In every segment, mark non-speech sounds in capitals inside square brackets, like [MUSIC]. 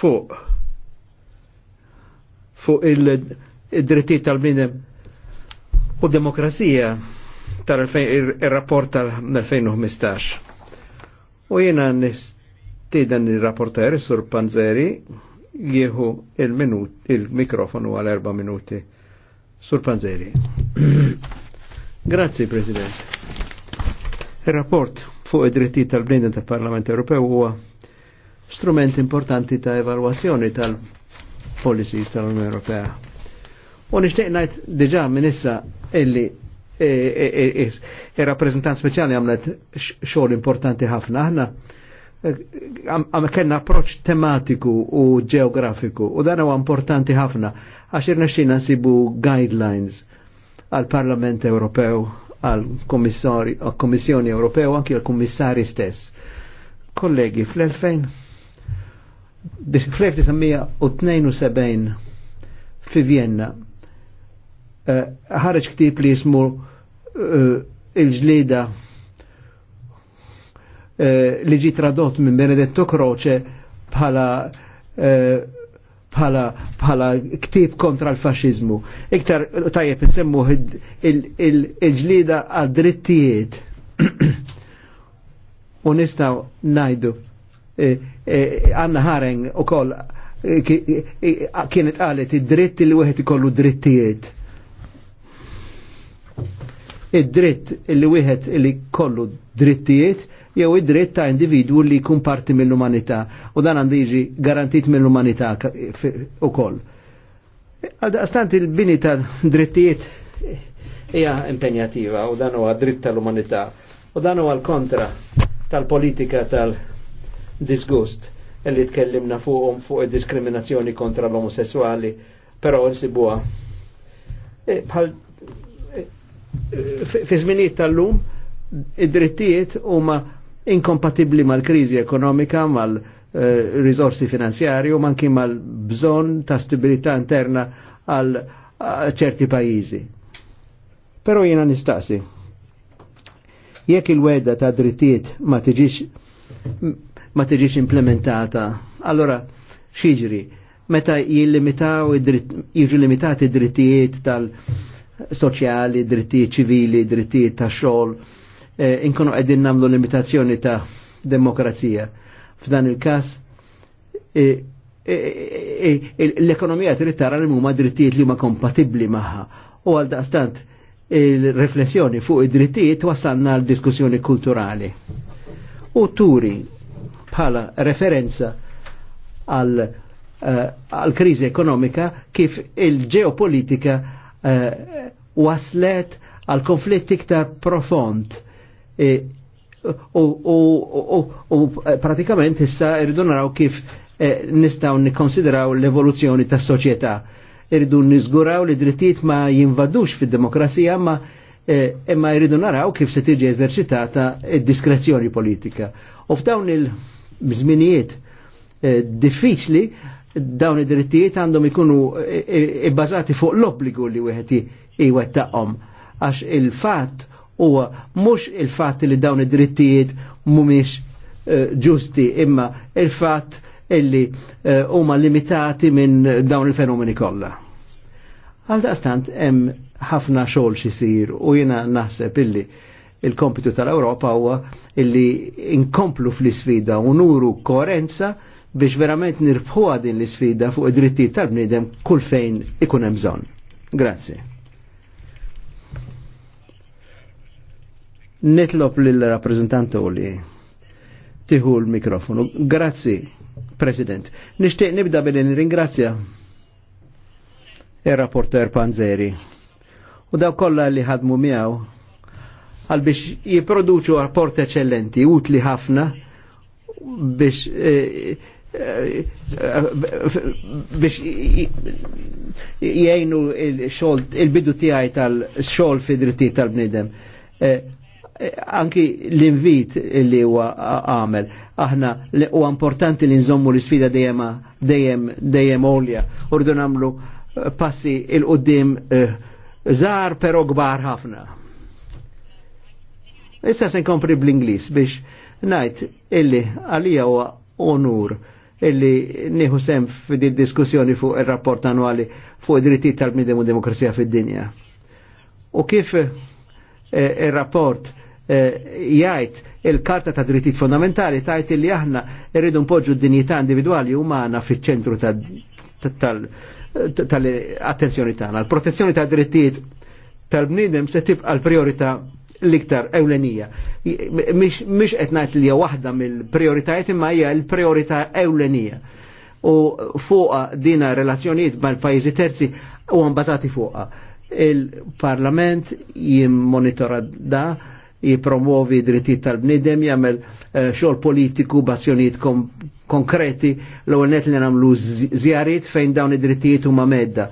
fuq fuq il-drittijiet tal-bniedem u demokrazija tal-rapport tal-2015. U jena nistidan il-rapporter sur Panzeri jieħu il-mikrofonu għal erba minuti. Sur Panzeri. [CLEARS THROAT] Grazie, President. Il-rapport fuq id dritti tal-bniedem tal-Parlament Ewropew huwa strument importanti ta' evalwazzjoni tal-policies tal-Unjoni Ewropea. U nixtieq ngħid diġà Minissa illi ir-rappreżentant e, e, e, speċjali għamlet xogħol importanti ħafna aħna għam kena approċ tematiku u geografiku, u dan huwa importanti ħafna għax irnexxina nsibu guidelines għal Parlament Ewropew għal Kommissjoni Ewropew anki għal Kummissari stess. Kollegi, fl-2000 fl-1972 fi Vienna eh, ħareġ ktib li jismu eh, il-ġlida eh, li ġi tradott minn Benedetto Croce bħala bħala bħala ktib kontra l fasċizmu Iktar tajjeb insemmu il-ġlida għad drittijiet. [CLEARS THROAT] U nistaw najdu Anna Haren u koll eh, eh, eh, kienet għalet id-dritt li wieħed ikollu drittijiet. Id-dritt li wieħed li kollu drittijiet jew id-dritt ta' individwu li jkun parti mill-umanità u dan għandiġi garantit mill-umanità Għal-daqstant il-bini ta' drittijiet hija impenjativa u dan huwa dritt tal-umanità u dan huwa l-kontra tal-politika tal-, -politika, tal disgust li tkellimna fuqhom fuq id-diskriminazzjoni kontra l-omosessuali, però nsibuha. E, bħal e, fi żminijiet tal-lum id-drittijiet huma inkompatibbli mal-kriżi ekonomika, mal-risorsi finanzjarju u manki mal-bżonn ta' stabilità interna għal ċerti pajjiżi. Però jiena nistaqsi. Jekk il-wedda ta' drittijiet ma tiġix ma tiġix implementata. Allora, xieġri, meta jillimitaw jiġu limitati drittijiet tal-soċjali, drittijiet ċivili, drittijiet ta' xogħol, eh, inkunu qegħdin nagħmlu limitazzjoni ta' demokrazija. F'dan il-każ eh, eh, eh, l-ekonomija trid tara li huma drittijiet li huma kompatibbli magħha. U għal daqstant il-riflessjoni fuq id-drittijiet wasalna l-diskussjoni kulturali. U turi bħala referenza għal eh, għal kriżi ekonomika kif il-ġeopolitika uh, waslet għal konflitt iktar profond e, u, u, u, u eh, pratikament issa irridu naraw kif eh, nistaw nikkonsideraw l-evoluzzjoni tas soċjetà irridu nizguraw li drittijiet ma jinvadux fid-demokrazija ma imma irridu naraw kif se tiġi eżerċitata id-diskrezzjoni politika. U f'dawn il- bżminijiet eh, diffiċli dawn id-drittijiet għandhom ikunu eh, eh, ibbażati fuq l-obbligu li wieħed iwettaqhom. għax il-fatt huwa mhux il-fatt li dawn id-drittijiet mhumiex ġusti imma il-fatt illi huma limitati minn dawn il-fenomeni kollha. Għal daqstant hemm ħafna xogħol xisir u jiena naħseb illi il-kompitu tal-Europa huwa illi inkomplu fl-isfida u nuru koerenza biex verament nirbħuha din l-isfida fuq id-drittijiet tal-bniedem kull fejn ikun hemm bżonn. Grazzi. Nitlob lill-rappreżentant li tiħu l-mikrofonu. Grazzi, President. Nixtieq nibda billi nirringrazzja ir-rapporter Panzeri u daw kollha li ħadmu miegħu għal biex jiproduċu rapport eċellenti, utli ħafna biex eh, eh, biex jgħinu il-xol, il-bidu tijaj tal-xol fi dritti tal-bnidem. Eh, anki l-invit li huwa għamel, aħna u importanti li nżommu l-sfida dejjem dejjem dejjem olja, urdu namlu passi il-qoddim zar pero gbar ħafna. Issa se nkompri bl-Inglis biex najt illi għalija huwa onur illi nieħu sem fid diskussjoni fuq ir-rapport annwali fuq id-drittijiet tal-bniedem u demokrazija fid-dinja. U kif eh, ir-rapport eh, jgħid il-Karta ta' Drittijiet Fondamentali tajt illi aħna rridu npoġġu d-dinjità individwali umana fiċ-ċentru tal-attenzjoni tagħna. L-protezzjoni ta' drittijiet tal-bniedem se tibqa' l-priorità l-iktar ewlenija. Mhix qed ngħid li hija waħda mill-prioritajiet imma hija l-priorità ewlenija. U fuqa dina relazzjonijiet mal-pajjiżi terzi u bbażati fuqa. Il-Parlament jimmonitora da jipromuovi drittijiet tal-bnidem, jagħmel eh, xogħol politiku b'azzjonijiet konkreti l-ewwel net li nagħmlu żjariet fejn dawn id-drittijiet huma medda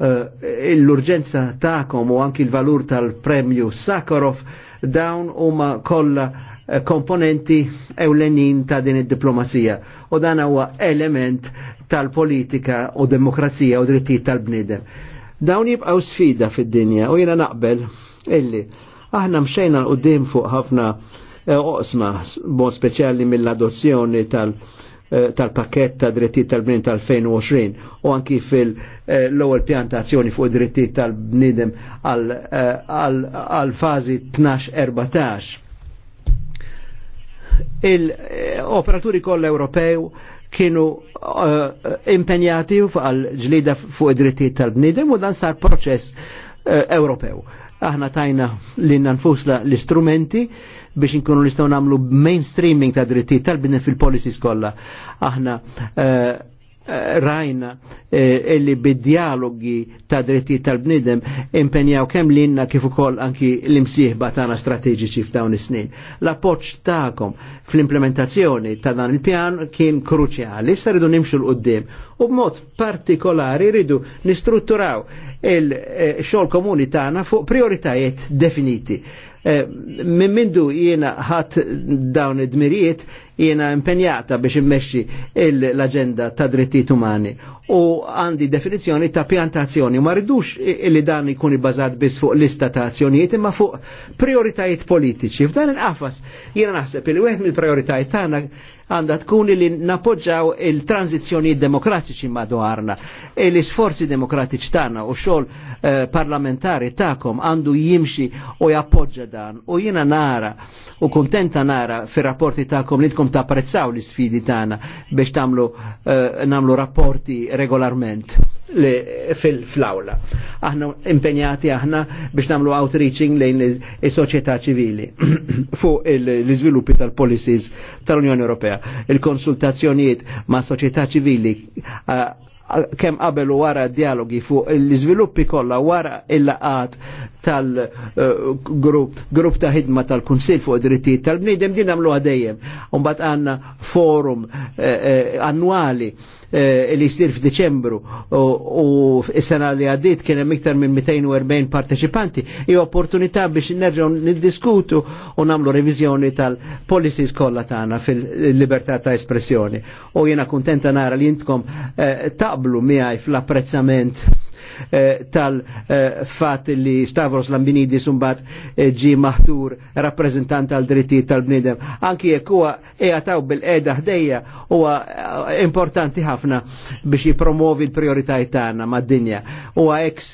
Eh, l-urġenza ta'kom u anki l-valur tal-premju Sakharov dawn huma kollha eh, komponenti ewlenin ta' din id-diplomazija u dan huwa element tal-politika u demokrazija u drittijiet tal-bnidem. Dawn jibqaw sfida fid-dinja u jiena naqbel illi aħna mxejna l-qoddim fuq ħafna eh, oqsma, bon speċjali mill-adozzjoni tal- Eh, tal-pakket ta' drittijiet tal-bnin tal-2020 u anki fil-lowel eh, pjantazzjoni fuq drittijiet tal-bnidem għal eh, fazi 12-14. Il-operaturi kollha Ewropew kienu impenjati għal ġlida fuq id-drittijiet tal-bnidem u dan sar proċess Ewropew. Aħna tajna li nfusla l-istrumenti biex inkunu nistgħu nagħmlu mainstreaming ta' drittijiet tal-bini fil-policies kollha. Aħna eh, eh, rajna eh, illi bid-dialogi ta' drittijiet tal-bnidem impenjaw kemm li inna kif ukoll anki l-imsieħba tagħna strateġiċi f'dawn is-snin. L-appoġġ tagħkom fl-implementazzjoni ta' dan il-pjan kien kruċjali, issa rridu nimxu l qudiem u b'mod partikolari rridu nistrutturaw il-xogħol komuni tagħna fuq prioritajiet definiti Eh, min mindu jiena ħadd dawn id-dmirijiet jiena impenjata biex immexxi l-aġenda ta' drittijiet umani u għandi definizzjoni ta' pjantazzjoni ma rridux li dan ikun ibbażat biss fuq lista ta' azzjonijiet imma fuq prioritajiet politiċi. F'dan il-qafas jiena naħseb li wieħed mill-prioritajiet tagħna għandha tkun li napoġġaw il-tranzizzjonijiet demokratiċi madwarna. E l-isforzi demokratiċi tagħna u xogħol eh, parlamentari tagħkom għandu jimxi u jappoġġa dan u jiena nara u kuntenta nara fir-rapporti tagħkom li tkom tkun tapprezzaw l-sfidi tagħna biex tagħmlu eh, namlu rapporti regolarment fil-flawla. Aħna impenjati aħna biex namlu outreaching lejn il soċjetà ċivili [CLEARS THROAT] fuq l-iżviluppi tal-policies tal-Unjoni Ewropea. Il-konsultazzjonijiet ma' soċjetà ċivili eh, kem qabel wara dialogi fuq l-iżviluppi kollha wara il-laqat tal-grupp ta' ħidma tal-Kunsil fuq drittijiet tal-bniedem din għamlu għadejjem. Umbat għanna forum eh, eh, annwali eh, li jsir f'Diċembru u s-sena li għaddit kien hemm iktar minn 240 partecipanti hi opportunità biex nerġgħu niddiskutu u nagħmlu reviżjoni tal-policies kollha tagħna fil-libertà ta' espressjoni. U jiena kuntenta nara li intkom taqblu miegħi fl-apprezzament Eh, tal-fat li Stavros Lambinidis umbat eh, ġi maħtur rappresentant tal dritti tal-bnidem. Anki jek huwa ejataw bil-qeda ħdejja huwa eh, importanti ħafna biex jipromovi l-prioritajiet tagħna mad-dinja. Huwa ex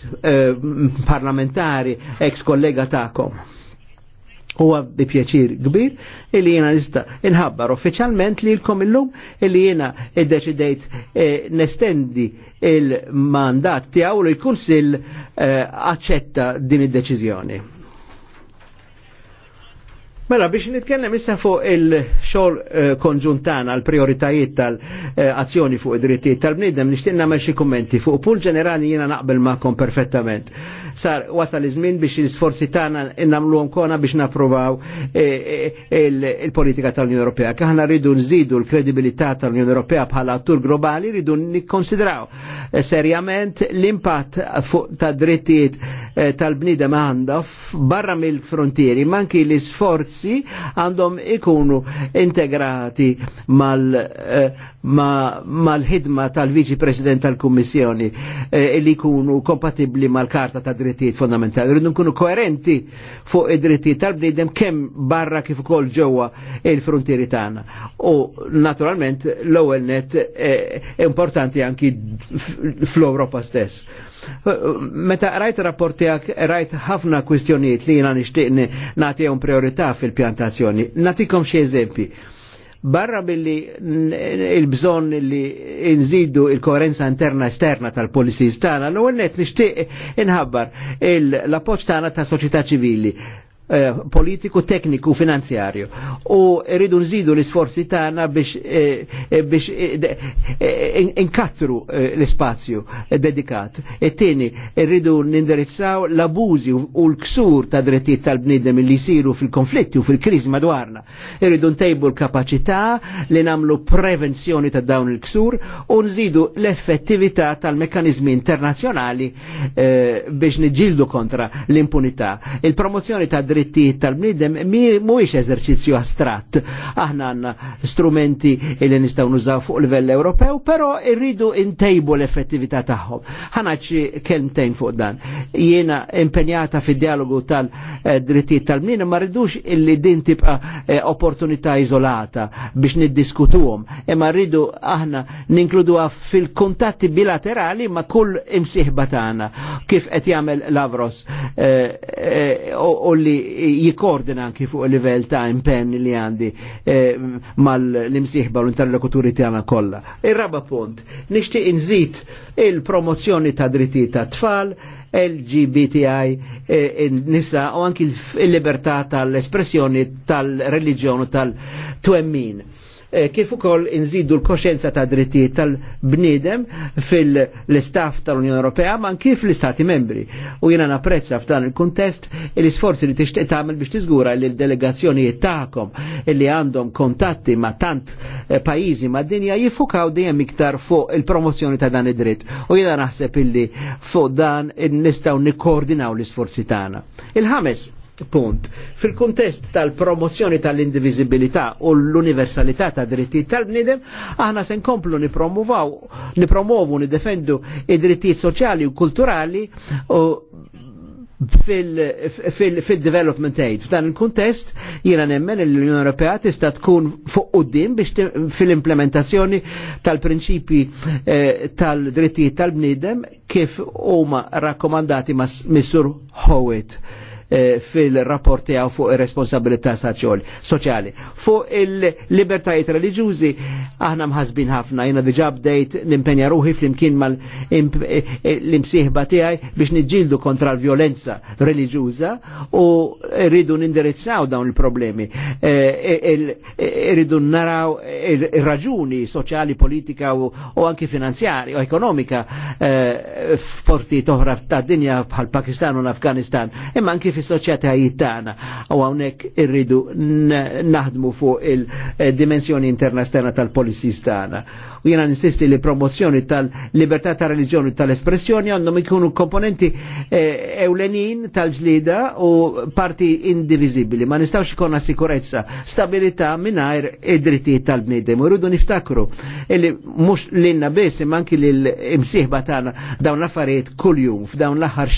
parlamentari, ex kollega tagħkom Huwa bi pjaċir kbir illi jiena nista inħabbar uffiċjalment li lkom illum illi jiena id-deċidejt eh, nestendi il-mandat tiegħu li kunsil eh, aċċetta din id-deċiżjoni. Mela biex nitkellem issa fuq il-xogħol konġuntana eh, konġuntan għal prioritajiet tal-azzjoni fuq id-drittijiet tal-bniedem nixtieq nagħmel xi kummenti fuq pull ġenerali jiena naqbel magħkom perfettament sar wasal iż-żmien biex l-isforzi tagħna nagħmluhom kona biex napprovaw eh, eh, il-politika tal-Unjoni Ewropea. Aħna rridu nżidu l-kredibilità tal-Unjoni Ewropea bħala attur globali rridu nikkonsidraw eh, serjament l-impatt ta' drittijiet Eh, tal-bnidem għanda barra mill-frontieri, manki l sforzi għandhom ikunu integrati eh, mal-ħidma mal tal-Viċi President tal-Kummissjoni eh, li kunu kompatibli mal-Karta ta' Drittijiet Fondamentali. Rridu nkunu koerenti fuq id-drittijiet tal-bnidem kemm barra kif ukoll ġewwa il-frontieri tagħna. U naturalment l-ewwel net eh, importanti anki fl ewropa stess Meta rajt rapportijak, rajt ħafna kwistjoniet li jina nishtiqni natijom priorità fil-pjantazzjoni. Natikom xie eżempi. Barra billi il-bżon li nżidu il-koerenza interna e esterna tal polisi tana, l-għonnet nishtiq inħabbar l appoġġ tana ta' soċieta ċivili Eh, politiku, tekniku, finanzjarju. U rridu nżidu l-isforzi tagħna biex, eh, eh, biex inkattru l-ispazju dedikat. E tieni rridu nindirizzaw l-abużi u l-ksur ta' drittijiet tal-bniedem li jsiru fil-konflitti u fil-kriżi madwarna. Irridu ntejbu l-kapaċità li namlu prevenzjoni ta' dawn il-ksur u nżidu l-effettività tal-mekkanizmi internazzjonali biex niġġieldu kontra l-impunità. Il-promozzjoni ta' drittijiet tal-bniedem mhuwiex eżerċizzju astratt. Aħna għandna strumenti li nistgħu nużaw fuq livell Ewropew, però rridu intejbu l-effettività tagħhom. Ħanaċ kelmtejn fuq dan. Jiena impenjata fid-dialogu tal-drittijiet tal-bniedem ma rridux illi din tibqa' eh, opportunità iżolata biex niddiskutuhom, imma rridu aħna ninkluduha fil-kuntatti bilaterali ma' kull imsieħba tagħna kif qed jagħmel Lavros eh, eh, u li jikordina anki fuq il-level ta' impenn li għandi eh, mal-imsiħba l-interlokuturi tagħna kollha. Ir-raba punt, nixtieq inżit il-promozzjoni ta' dritti ta' tfal, LGBTI, eh, nisa u anki l-libertà tal-espressjoni tal-reliġjon tal-twemmin Eh, kif ukoll inżidu l koscienza ta' drittijiet tal-bniedem fil-istaff tal-Unjoni Ewropea ma kif l-Istati membri. U jiena napprezza f'dan il-kuntest l-isforzi li tixtieq tagħmel biex tiżgura li l-delegazzjonijiet tagħkom li għandhom kontatti ma' tant eh, pajjiżi ma' dinja jiffukaw dejjem iktar fuq il-promozzjoni ta' dan id-dritt. U jiena naħseb illi fuq dan nistgħu nikkoordinaw l-isforzi tagħna. Il-ħames punt. Fil-kontest tal-promozzjoni tal-indivizibilità u l-universalità ta' drittijiet tal-bnidem, aħna se nkomplu nipromuvaw, nipromovu, nidefendu id-drittijiet soċjali u kulturali u fil-development aid. F'dan il-kontest jiena nemmen l-Unjoni Ewropea tista' tkun fuq quddiem biex fil-implementazzjoni tal prinċipji eh, tal-drittijiet tal-bniedem kif huma rakkomandati mis-Sur Howitt Eh, fil-rapport tiegħu fuq ir-responsabilità soċjali. Fuq il-libertajiet reliġjużi aħna mħasbin ħafna, jiena diġà bdejt nimpenja ruħi flimkien mal-imsieħba eh, eh, tiegħi biex niġġieldu kontra l-vjolenza reliġjuża u rridu nindirizzaw dawn il-problemi. Rridu naraw ir-raġuni soċjali, politika u anki finanzjari u ekonomika f'porti toħra ta' dinja bħal Pakistan u l-Afganistan. Imma anki fis soċjetà tagħna u hawnhekk irridu naħdmu fuq il-dimensjoni interna esterna tal-policies tagħna. U jiena nisisti li promozzjoni tal-libertà ta' reliġjoni tal-espressjoni għandhom ikunu komponenti eh, ewlenin tal-ġlida u parti indivizibbli. Ma nistgħux ikonna sikurezza, stabilità mingħajr id-drittijiet tal-bniedem. Irridu niftakru illi mhux lilna biss imma anki lill imsieħba tagħna dawn l-affarijiet kuljum f'dawn l-aħħar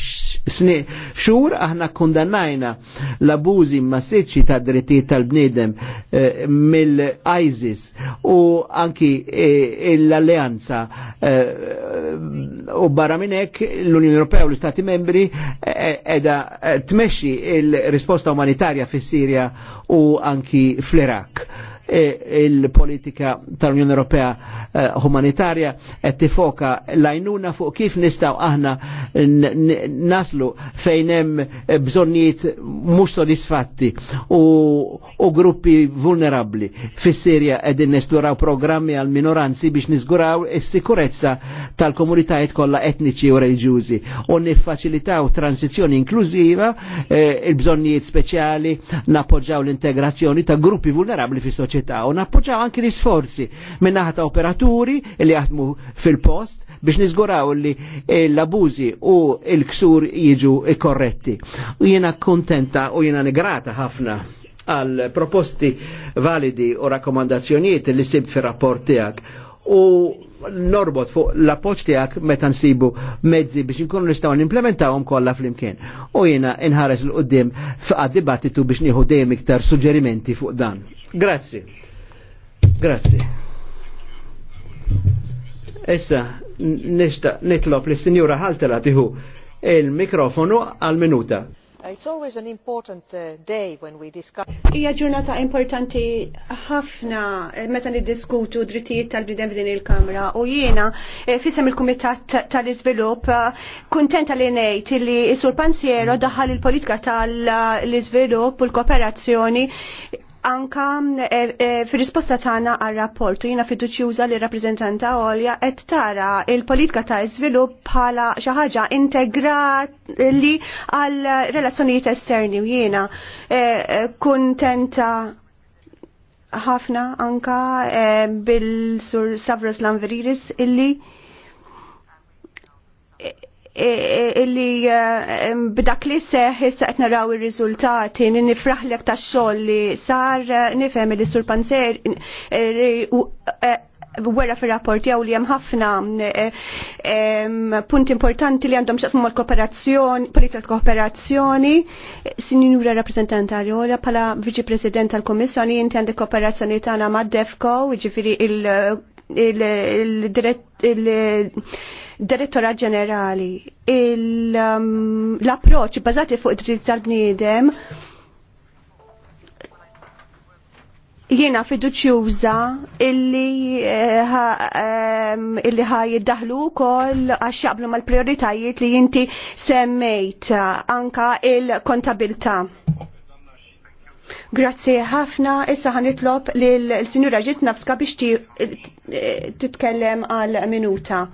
sni xur aħna kundannajna l abuzi massiċi ta' drittijiet tal-bniedem eh, mill-ISIS u anki eh, l-alleanza eh, u barra minnek l-Unjoni Ewropea u l-Stati membri edha tmexxi il-risposta umanitarja fis-Sirja u anki fl-Irak E il-politika tal-Unjoni Ewropea humanitarja e, qed tifoka lajnuna fuq kif nistgħu aħna naslu fejn hemm bżonnijiet mhux sodisfatti u gruppi vulnerabbli. Fis-Sirja qegħdin nesploraw programmi għal minoranzi biex niżguraw is-sikurezza tal-komunitajiet kollha etniċi u reliġjużi u niffaċilitaw transizjoni inklużiva, e, il-bżonnijiet speċjali, nappoġġaw l-integrazzjoni ta' gruppi vulnerabbli fis-soċjetà kapacità u nappoġġaw anki l-isforzi minn naħa ta' operaturi li jaħdmu fil-post biex niżguraw li l-abużi u l-ksur jiġu korretti. U jiena kontenta u jiena negrata ħafna għal proposti validi u rakkomandazzjonijiet li sib fir rapport tiegħek u norbot fuq l-appoċ tijak meta nsibu mezzi biex nkunu nistaw n kollha kolla fl-imkien. U jena inħares l-qoddim f'għad-dibattitu biex nieħu dejjem iktar suġġerimenti fuq dan. Grazzi. Grazzi. Issa, nitlob li sinjura ħaltela tiħu il-mikrofonu għal-minuta. Uh, it's always an important uh, day when we discuss. Hija ġurnata importanti ħafna eh, meta niddiskutu drittijiet tal bidem f'din il-Kamra u jiena eh, fisem il-Kumitat tal-Iżvilupp eh, kuntenta li ngħid li s-Sur Pansiero daħal il-politika tal-iżvilupp u l-kooperazzjoni anka eh, eh, fir-risposta tagħna għal rapport u jiena fiduċjuża li rappreżentanta Olja qed tara il-politika ta' iżvilupp bħala xi ħaġa integrali għal relazzjonijiet esterni u jiena eh, kuntenta ħafna anka bil-sur Savros Lanveriris illi E, e, illi e, b'dak li seħ issa qed naraw ir-riżultati nifraħlek tax-xogħol li sar nifhem li sur Panzer wera fir rapport jew li hemm ħafna punt importanti li għandhom x'qasmu mal-kooperazzjoni, politika kooperazzjoni, sinjura rappreżentanta għaljola bħala viċi president tal-Kummissjoni inti għandek kooperazzjoni tagħna mad-DEFCO, jiġifieri il-dirett direttora ġenerali, um, l-approċ bazati fuq id-dritt tal-bniedem jiena fiduċjuża illi eh, illi ha jiddaħlu wkoll għax jaqblu mal-prioritajiet li inti semmejt anka il kontabilta Grazzi ħafna, issa ħanitlob lill sinjura Nafska biex eh, titkellem għal minuta.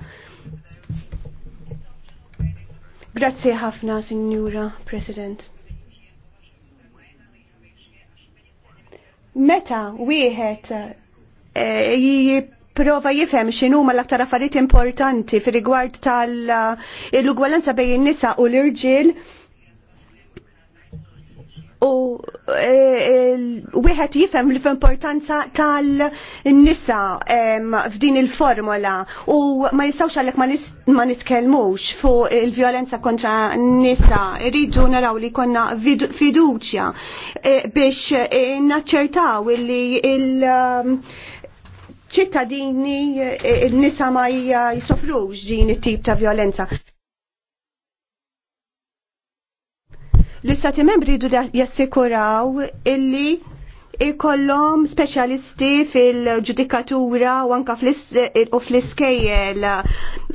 Grazzi ħafna, Signora President. Meta wieħed eh, jipprova jifhem x'inhuma l-aktar affarijiet importanti fir-rigward tal-ugwalanza eh, bejn in-nisa u l-irġiel, u eh, eh, wieħed jifhem l-importanza tal-nisa f'din il-formola u ma jistgħux għalhekk ma nitkellmux fuq il-vjolenza kontra n-nisa. Irridu naraw li konna fiduċja eh, biex naċċertaw li il- ċittadini n nisa ma jisofrux din it-tip ta' violenza. L-istati membri jiddu jassikuraw illi ikollhom speċjalisti fil-ġudikatura u anka eh, fl-iskejjel.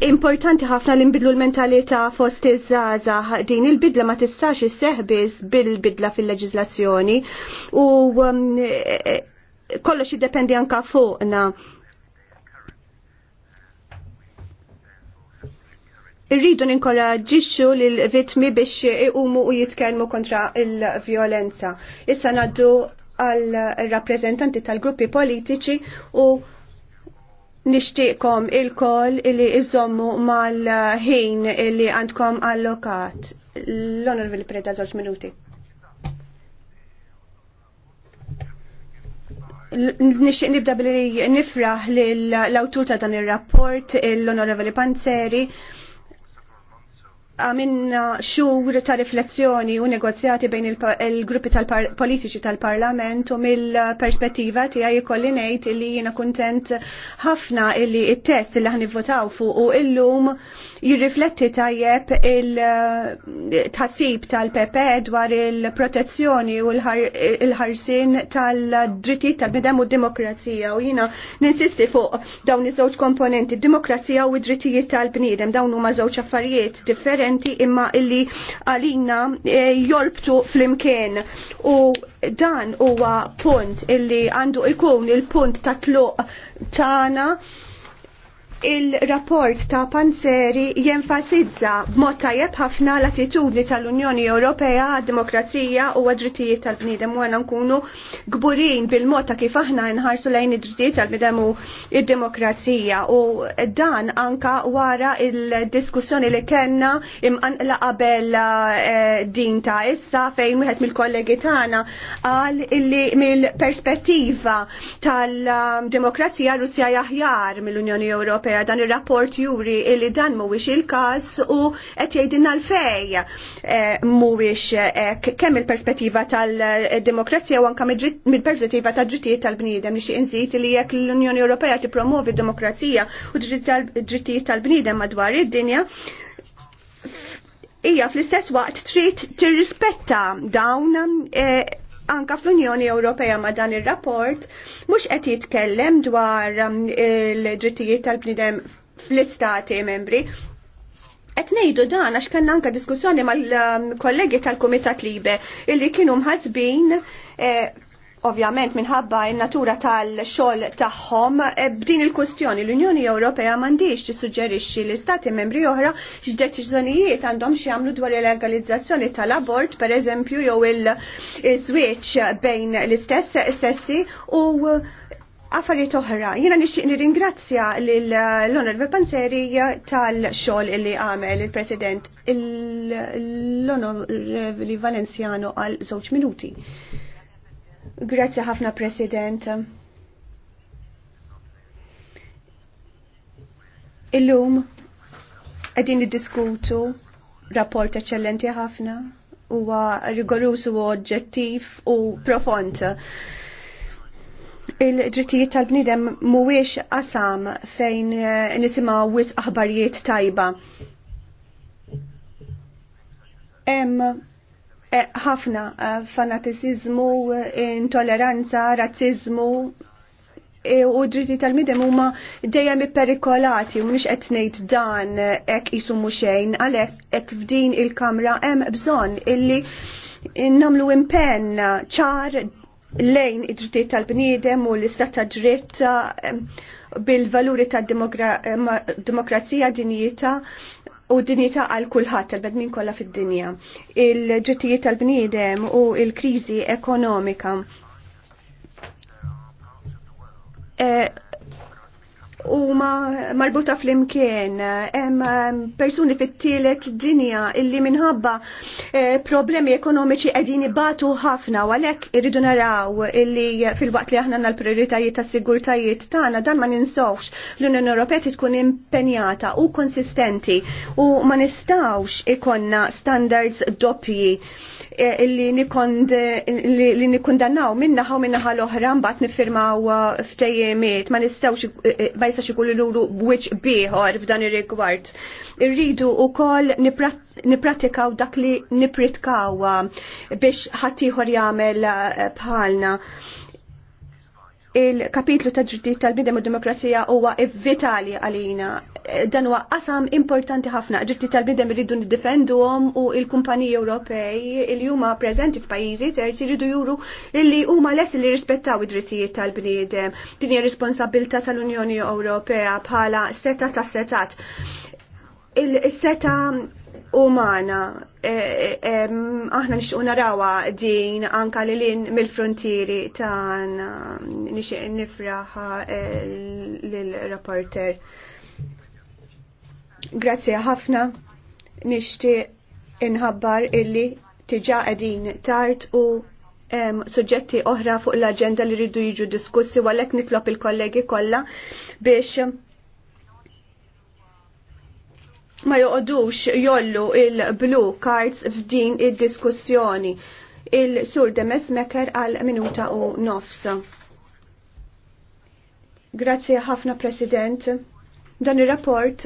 Importanti ħafna li nbidlu l-mentalità fost iż-żaża din il-bidla ma tistax isseħbis bil-bidla fil leġizlazzjoni u um, eh, eh, kollox jiddependi anka fuqna. Irridu ninkoraġġixxu lil vittmi biex iqumu u jitkellmu kontra il-vjolenza. Issa naddu għal rappreżentanti tal-gruppi politiċi u nishtiqkom il-kol illi iżommu mal-ħin illi għandkom allokat. L-onorvili preda żewġ minuti. Nixtieq nibda billi nifraħ lill awtur ta' dan ir-rapport, l-Onorevoli Panzeri, għamilna xur ta' riflessjoni u negozjati bejn il-gruppi tal-politiċi tal-parlament u mill-perspettiva tiegħi jkolli ngħid li jiena kuntent ħafna illi il test li votaw fuq u illum jirrifletti tajjeb il-tasib eh, tal-PP dwar il-protezzjoni u l-ħarsin tal-drittijiet tal-bidem u d-demokrazija u jina ninsisti fuq dawn iż-żewġ komponenti, d-demokrazija u d-drittijiet tal-bniedem, dawn huma żewġ affarijiet differenti imma illi għalina eh, jolbtu fl-imkien u dan huwa punt illi għandu ikun il-punt ta' tluq tana ta il-rapport ta' Panzeri jenfasizza b'mod tajjeb ħafna l-attitudni tal-Unjoni Ewropea għad-demokrazija u għad-drittijiet tal-bniedem u għana nkunu gburin bil-mod ta' kif aħna nħarsu lejn id-drittijiet tal-bniedem u id-demokrazija u dan anka wara il-diskussjoni li imqan la qabel eh, din ta' issa fejn wieħed mill-kollegi tagħna għal illi mill-perspettiva tal-demokrazija um, Russja jaħjar mill-Unjoni Ewropea Ewropea dan ir-rapport juri li dan mhuwiex il-każ u qed jgħidilna l-fej eh, mhuwiex eh, kemm il-perspettiva tal-demokrazija u anke mill-perspettiva tad-drittijiet tal-bniedem nixtieq inżid li jekk l-Unjoni Ewropea tippromovi d-demokrazija u drittijiet tal-bniedem madwar id-dinja hija fl-istess waqt trid tirrispetta dawn eh, anka fl-Unjoni Ewropea ma dan ir-rapport mhux qed jitkellem dwar um, il-drittijiet tal bnidem fl-istati membri. Qed ngħidu dan għax kellna anka diskussjoni mal-kollegi um, tal-Kumitat Libe illi kienu mħazbin eh, ovvjament minħabba il-natura tal-xol tagħhom e, b'din il-kustjoni l-Unjoni Ewropea m'għandix tissuġġerixxi li stati membri oħra x'deċiżjonijiet għandhom xi jagħmlu dwar il-legalizzazzjoni tal-abort pereżempju jew il-switch bejn l-istess sessi u affarijiet oħra. Jiena nixtieq nirringrazzja l-Onorevol Panzeri tal-xogħol li għamel il-President l-Onorevoli Valenziano għal żewġ minuti. Grazzi ħafna President. Illum qegħdin niddiskutu rapport eċċellenti ħafna huwa rigorus u oġġettiv u profond. Il-drittijiet tal bniedem mhuwiex qasam fejn eh, nisimgħu wisq aħbarijiet tajba. Hemm Eh, ħafna eh, fanatizizmu, eh, intoleranza, razzizmu u dritti tal-midem huma dejjem ipperikolati u mhux qed ngħid dan hekk isu xejn għalhekk hekk f'din il-kamra hemm bżonn illi nagħmlu impenn ċar lejn id-drittijiet tal-bniedem u l-istat ta' dritt bil-valuri tad-demokrazija dinjita u dinjità għal kulħadd tal-bedmin kollha fid-dinja. Il-ġittijiet tal-bniedem u il-kriżi ekonomika. Eh, huma marbuta flimkien hemm persuni fit-tielet dinja illi minħabba eh, problemi ekonomiċi qegħdin ibatu ħafna u għalhekk irridu naraw illi fil-waqt li aħna għandna l-prijoritajiet tas-sigurtajiet tagħna dan ma ninsawx l-Unjoni Ewropea tkun impenjata u konsistenti u ma nistawx ikonna standards doppji li nikondannaw minna ħaw minna l-oħra mbagħad niffirmaw uh, ftejjemiet ma nistgħux eh, eh, ma jistax ikun luru wiċċ bieħor f'dan ir-rigward. Irridu wkoll nippratikaw dak li nipritkawha uh, biex ħadd ieħor jagħmel uh, bħalna il-kapitlu ta' ġdid tal-bidem u demokrazija huwa vitali għalina. Dan huwa qasam importanti ħafna. Ġdid tal-bidem irridu niddefenduhom u l-kumpaniji Ewropej li huma preżenti f'pajjiżi terzi jridu juru illi huma les li rispettaw id-drittijiet tal-bniedem. Din hija responsabilità tal-Unjoni Ewropea bħala seta ta' setat il-seta umana. E, e, e, aħna nixtiequ narawa din anka li lin mill-frontieri ta' nixtieq nifraħ lill-rapporter. Grazzi ħafna nixtieq inħabbar illi tiġa qegħdin tard u suġġetti oħra fuq l-aġenda li rridu jiġu diskussi għalhekk nitlob il-kollegi kollha biex ma joqodux jollu il-blue cards f'din id-diskussjoni. Il sur Demes Mekker għal minuta u nofs. Grazie ħafna President. Dan ir rapport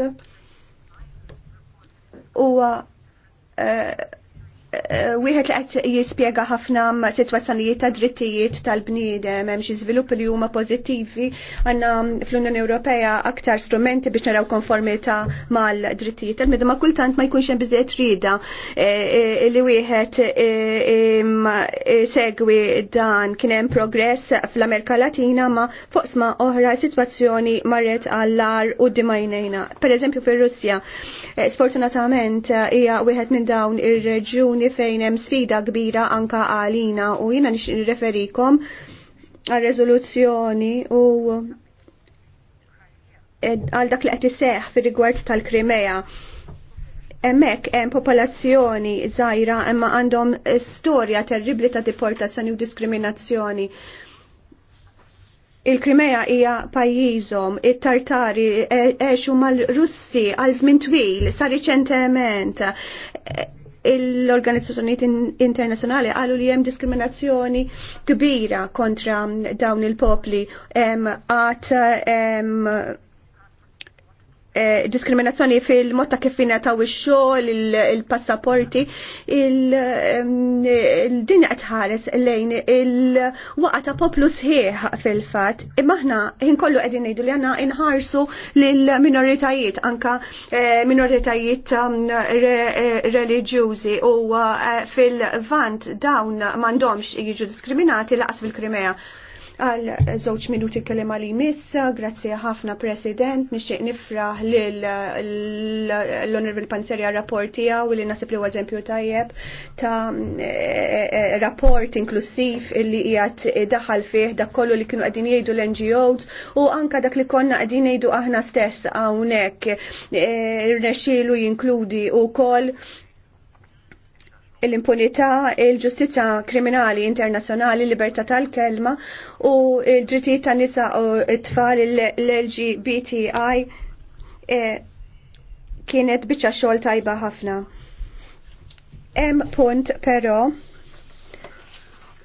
huwa uh, Eh, wieħed li qed jispjega ħafna sitwazzjonijiet ta' drittijiet tal-bniedem hemm xi żvilupp li huma pożittivi għandna fl-Unjoni Ewropea aktar strumenti biex naraw konformità mal-drittijiet tal-bniedem ma kultant ma jkunx hemm biżejjed rida eh, eh, li wieħed segwi dan kien hemm progress fl-Amerika Latina ma foqsma oħra sitwazzjoni marret għall-ar u dimajnejna. Pereżempju fir-Russja, sfortunatament hija wieħed minn dawn ir-reġjuni situazzjoni fejn hemm sfida kbira anka għalina u jiena nix referikom għal-rezoluzzjoni u għal dak li qed iseħħ fir-rigward tal-Krimea. Emmek hemm popolazzjoni żgħira imma għandhom storja terribli ta' deportazzjoni u diskriminazzjoni. Il-Krimea hija pajjiżhom, it-Tartari għexu mal-Russi għal żmien twil, sa riċentement l-organizzazzjonijiet internazzjonali għalu li hemm diskriminazzjoni kbira kontra dawn il-popli għat Eh, diskriminazzjoni fil-mod ta' kif ta' ix-xogħol, il-passaporti, il passaporti il din qed ħares lejn il-waqa ta' poplu sħiħ fil-fatt. Imma aħna kollu qegħdin ngħidu li għandna inħarsu lill eh, minoritajiet anka minoritajiet eh, reliġjużi u fil-vant dawn m'għandhomx jiġu diskriminati laqas fil-Krimea għal żewġ minuti kelima li missa, grazzi ħafna President, nixtieq nifraħ l-Honorable Panzerja rapportija u li nasib li eżempju tajjeb ta' eh, rapport inklusiv li jgħat daħal fih dak kollu li kienu qegħdin jgħidu l-NGOs u anka dak li konna qegħdin jgħidu aħna stess hawnhekk irnexxielu eh, jinkludi wkoll l-impunità, il-ġustizja kriminali internazzjonali, libertà tal-kelma u il-drittijiet tan nisa u t-tfal l-LGBTI e, kienet biċċa xogħol tajba ħafna. Hemm punt però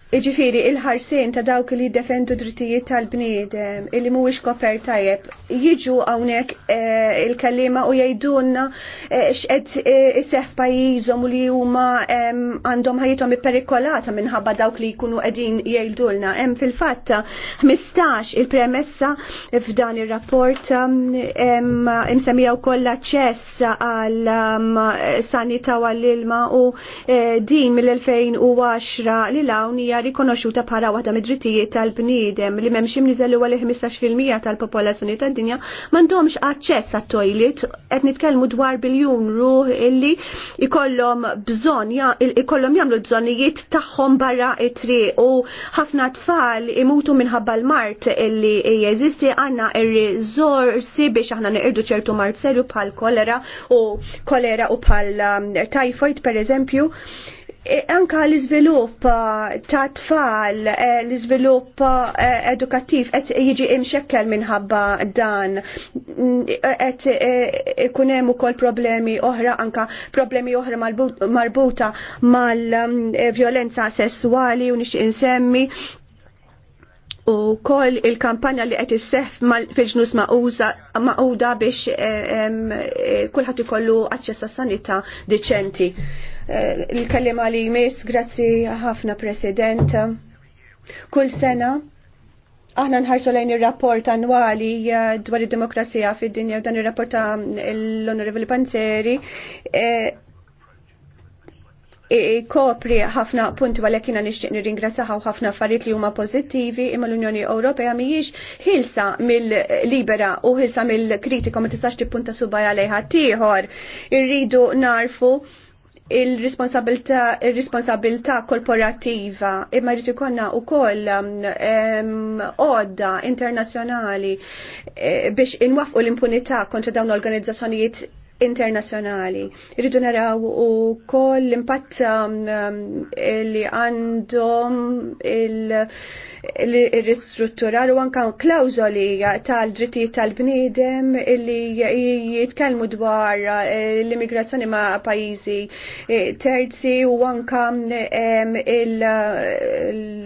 Iġifiri, il-ħarsin ta' dawk li defendu drittijiet tal-bniedem, illi mhuwiex koper tajjeb, jiġu hawnhekk eh, il-kallima u jgħidulna eh, x'qed eh, iseħħ pajjiżhom u li huma għandhom i perikolata minħabba dawk li jkunu qegħdin jgħidulna. Em fil-fatt 15 il-premessa f'dan ir-rapport imsemmija wkoll l-aċċess għal sanità u għall-ilma u din mill-2010 li hawn rikonoxxuta bħala waħda mid-drittijiet tal-bniedem li m'hemmx imniżel huwa fil 15% tal-popolazzjoni tad-dinja m'għandhomx aċċess għat toilet qed nitkellmu dwar biljun ruħ illi ikollhom bżonn ikollhom jagħmlu l-bżonnijiet tagħhom barra it-triq u ħafna tfal imutu minħabba l-mart illi jeżisti għandna ir-riżorsi biex aħna nirdu ċertu mart serju bħal kolera u kolera u bħal um, tajfoid per eżempju E, anka l-izvilupp eh, ta' tfal, eh, l-izvilupp eh, edukattiv qed jiġi imxekkel minħabba dan, qed ikun u ukoll problemi oħra anka problemi oħra marbuta mal-vjolenza mm, sessuali u nixtieq insemmi u koll il-kampanja li qed isseħf fil-ġnus maquda biex eh, eh, kulħadd ikollu aċċess sanità diċenti. Eh, il-kellima li jmiss, grazzi ħafna President. Kull sena aħna nħarsu lejn ir-rapport annwali dwar id-demokrazija fid-dinja u dan ir-rapport ta' l-Onorevoli Panzeri kopri ħafna punti għalhekk jiena nixtieq nirringrazzaha ħafna affarijiet li huma pożittivi imma l-Unjoni Ewropea mhijiex ħilsa mill-libera u ħilsa mill-kritika ma tistax tippunta suba għalejha tieħor. Irridu narfu il-responsabilità il korporativa imma rrid ikollna wkoll um, għodda internazzjonali eh, biex inwaffqu l-impunità kontra dawn l-organizzazzjonijiet internazzjonali. Irridu naraw u koll l-impatt um, um, li għandhom il-ristrutturar u anka klawżoli tal-dritti tal-bniedem li jitkellmu dwar eh, l-immigrazzjoni ma' pajjiżi eh, terzi u anka il-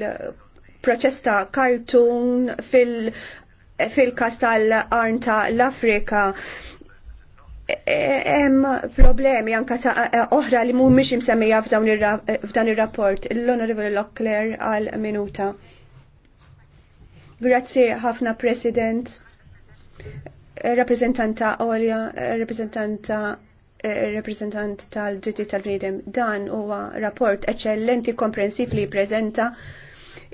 proċess ta' kartun fil- fil-kas tal-arn ta' l-Afrika hemm e, e, problemi anka ta' e, oħra li mhumiex imsemmija f'dan ir-rapport. L-Onorevoli Lockler għal minuta. Grazzi ħafna President, rappresentanta Olja, rappresentanta rappresentant tal ġiti tal-bnidem. Dan huwa rapport eċċellenti komprensiv li jippreżenta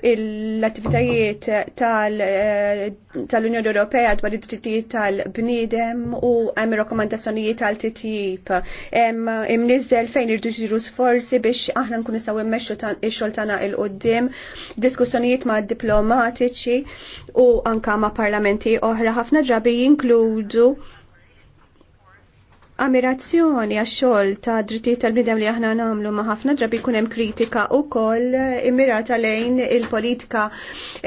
l-attivitajiet eh, tal-Unjoni Ewropea dwar id-drittijiet tal-bniedem u hemm rakkomandazzjonijiet tal titjib Hemm imniżel fejn irdu jiġu sforzi biex aħna nkunu nistgħu immexxu x-xogħol tagħna il qudiem diskussjonijiet ma' diplomatiċi u anka ma' parlamenti oħra ħafna drabi jinkludu ammirazzjoni għax-xogħol ta' drittijiet tal bidem li aħna nagħmlu ma' ħafna drabi jkun hemm kritika wkoll immirata lejn il-politika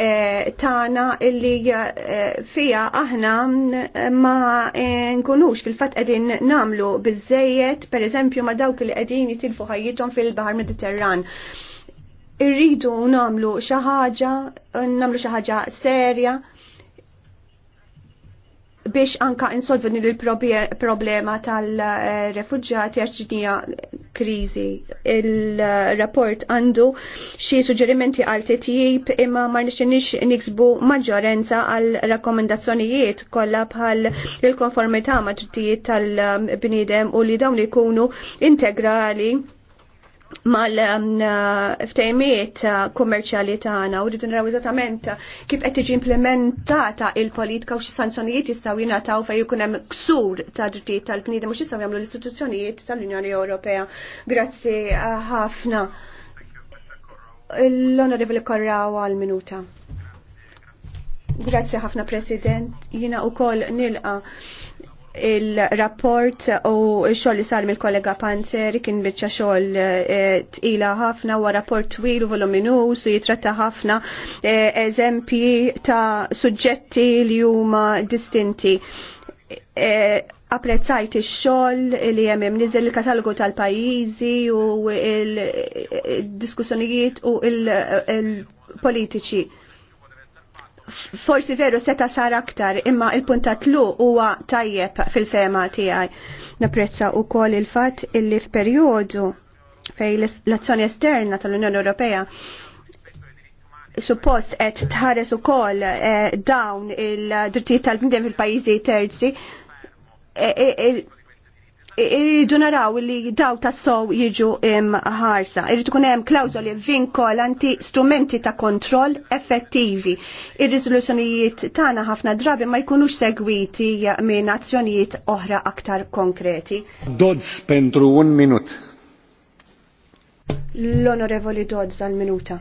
eh, tagħna illi eh, fija aħna eh, ma eh, nkunux fil-fatt qegħdin nagħmlu biżejjed pereżempju ma' dawk li qegħdin jitilfu ħajjithom fil-Baħar Mediterran irridu nagħmlu xi ħaġa, nagħmlu xi ħaġa serja biex anka insolvu il-problema tal-refugġati għax ġdija krizi. Il-rapport għandu xie suġġerimenti għal titjib imma ma nix niksbu maġġorenza għal rakkomendazzjonijiet kollha bħal il-konformità ma' drittijiet tal-bniedem u li dawn ikunu integrali mal-ftejmiet um, uh, uh, kummerċjali tagħna u rridu naraw eżattament uh, kif qed tiġi implementata il-politika u xi sanzjonijiet jistgħu jingħataw fejn jkun hemm ksur ta' drittijiet tal-bniedem u jistgħu jagħmlu l-istituzzjonijiet tal-Unjoni Ewropea. Grazzi ħafna. L-Onorevoli Korraw għal-minuta. Grazzi ħafna President, jina u koll nilqa' il-rapport u xoll li sar mill-kollega Panzer kien bieċa xoll eh, tqila ħafna u rapport twil u voluminus u jitratta ħafna eh, eżempji ta' suġġetti li huma distinti. Eh, apprezzajt ix-xogħol li hemm niżel il-katalogu tal-pajjiżi u il-diskussjonijiet u il-politiċi. il, il politiċi forsi veru seta sar aktar imma il-puntatlu huwa tajjeb fil-fema tiegħi. Napprezza wkoll il-fatt illi f'perjodu fej l-azzjoni esterna tal-Unjoni Ewropea suppost qed tħares ukoll eh, dawn il-drittijiet tal-bniedem fil-pajjiżi terzi eh, eh, Iridu naraw li daw ta' sow jiġu ħarsa. Irridu kun hemm klawżoli vinkolanti strumenti ta' kontroll effettivi. Ir-riżoluzzjonijiet tagħna ħafna drabi ma jkunux segwiti minn azzjonijiet oħra aktar konkreti. Dodds pentru un minut. L-Onorevoli Dodz għal minuta.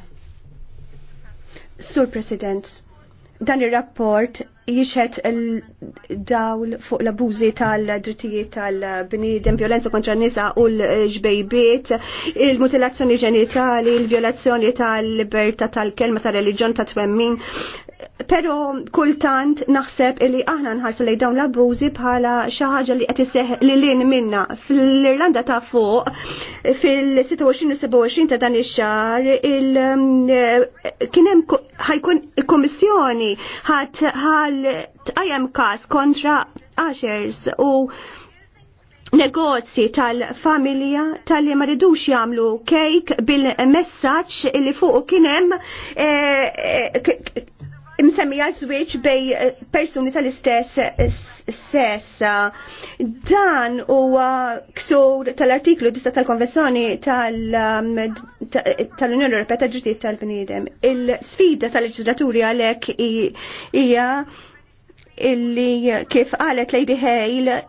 Sur President, dan ir-rapport jixet dawl fuq l-abużi tal-drittijiet tal-bniedem, violenza kontra nisa u l-ġbejbiet, il-mutilazzjoni ġenitali, il-violazzjoni tal-libertà tal-kelma tal-reliġjon ta' twemmin, Pero kultant naħseb illi aħna nħarsu lej dawn l-abbużi bħala xi ħaġa li qed li l-in minna. Fl-Irlanda ta' fuq fil-26 u 27 ta' dan ix-xahar il mm, eh, kien hemm ħajkun il-Kummissjoni ħadd ħal tqajjem każ kontra ashers u negozji tal-familja tal-li ma ridux jagħmlu kejk bil-messaġġ li fuq kien hemm eh, eh, msemmija żwieġ bej eh, persuni tal-istess eh, sess. Dan huwa ksur tal-artiklu dista tal-Konvenzjoni um, tal-Unjoni Ewropea ta' ġrittijiet tal-bniedem. Il-sfida tal-leġislaturi għalhekk hija illi kif qalet Lady Hale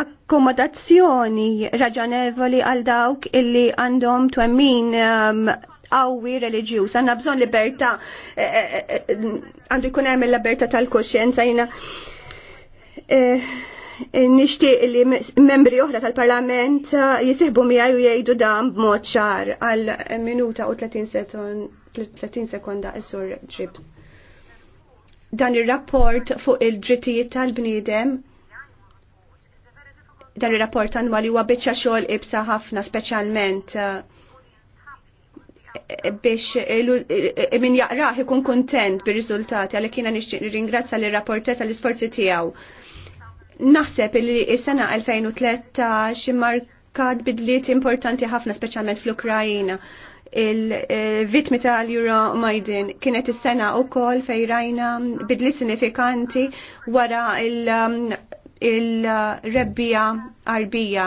akkomodazzjoni raġanevoli għal dawk illi għandhom twemmin um, qawwi reliġjuż. Għandna bżonn libertà eh, eh, eh, għandu jkun hemm il-libertà tal kosċenza jiena nixtieq li membri oħra tal-Parlament jisihbu miegħi u jgħidu dan b'mod ċar għal minuta u 30 sekonda is-sur ġib. Dan ir-rapport fuq il-drittijiet tal-bniedem dan ir-rapport annwali huwa biċċa xogħol ibsa ħafna speċjalment uh, biex min jaqraħ ikun kontent bir-riżultati għalek jina nixtieq ringrazzja l rapporter tal-isforzi tiegħu. Naħseb li s-sena 2013 markat bidliet importanti ħafna speċjalment fl-Ukrajina il-vitmi tal-Euro Majdin kienet is-sena u kol fejrajna bidliet sinifikanti wara il-rebbija il um, uh, arbija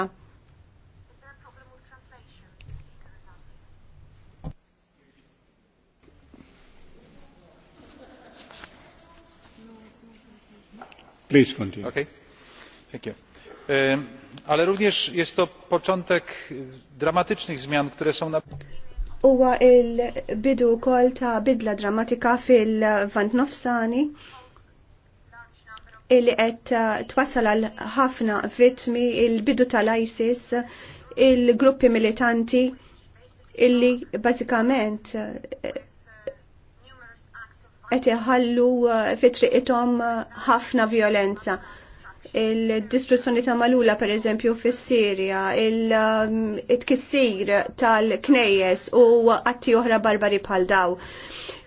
Ale również jest to początek dramatycznych zmian, które są na huwa il-bidu wkoll ta' bidla drammatika fil-vant nofsani illi qed eh, twassal għal ħafna vittmi il-bidu tal-ISIS il-gruppi militanti illi bażikament eh, qed iħallu uh, fitriqithom uh, ħafna violenza il-distruzzjoni ta' Malula per eżempju fis-Sirja, il-tkissir um, tal knejes u atti oħra barbari bħal daw.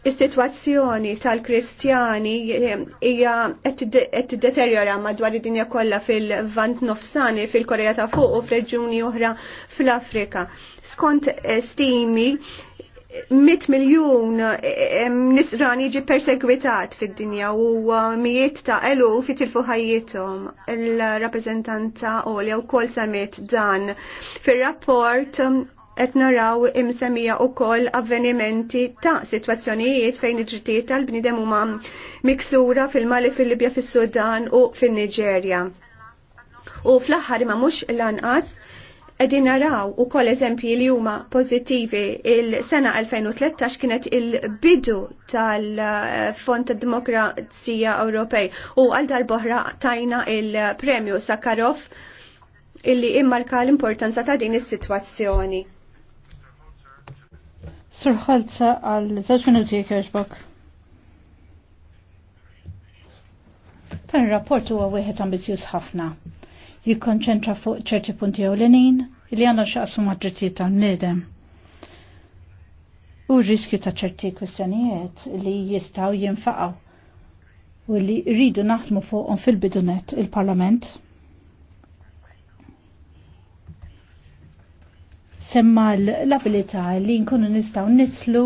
Is-sitwazzjoni tal-Kristjani um, hija qed deteriora madwar id-dinja kollha fil-Vant Nofsani fil-Korea ta' fuq u f'reġjuni oħra fl-Afrika. Skont eh, stimi 100 miljon eh, eh, nisran jiġi persegwitat fid-dinja u eh, mijiet ta' elu fit il-fuħajietom. Il-rappresentanta Olja u kol samet dan fil-rapport qed naraw imsemmija ukoll avvenimenti ta' sitwazzjonijiet fejn iġritiet tal bnidem huma miksura fil-Mali fil-Libja fis-Sudan u fin-Niġerja. U fl-aħħar ma mhux lanqas Edin naraw u koll eżempji li huma pozittivi il-sena 2013 kienet il-bidu tal-Fond tad Demokrazija Ewropej u għal darboħra tajna il-premju Sakharov illi immarka l-importanza ta' din is-sitwazzjoni. Sir Ħalza għal żewġ minuti jekk Dan ir-rapport huwa wieħed ambizzjuż ħafna jikkonċentra fuq ċerti punti ewlenin li għanna xaqsu mad-drittijiet tan-niedem. U r-riskju ta' ċerti kwistjonijiet li jistgħu jinfaqgħu u li rridu naħdmu fuqhom fil-bidunet il-Parlament. Semma l-abilità li nkunu nistgħu nislu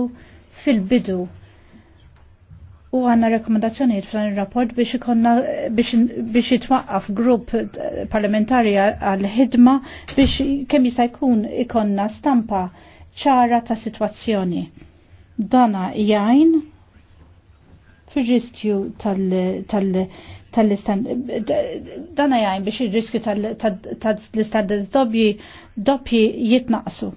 fil-bidu u għanna rekomendazzjoniet f'dan il-rapport biex ikonna biex jitwaqqaf grupp eh, parlamentari għal-ħidma biex kemm jista' jkun ikonna stampa ċara ta' situazzjoni. Dana jgħin fil-riskju tal- istand dana jgħin biex il-riskju tal-istandards doppji jitnaqsu.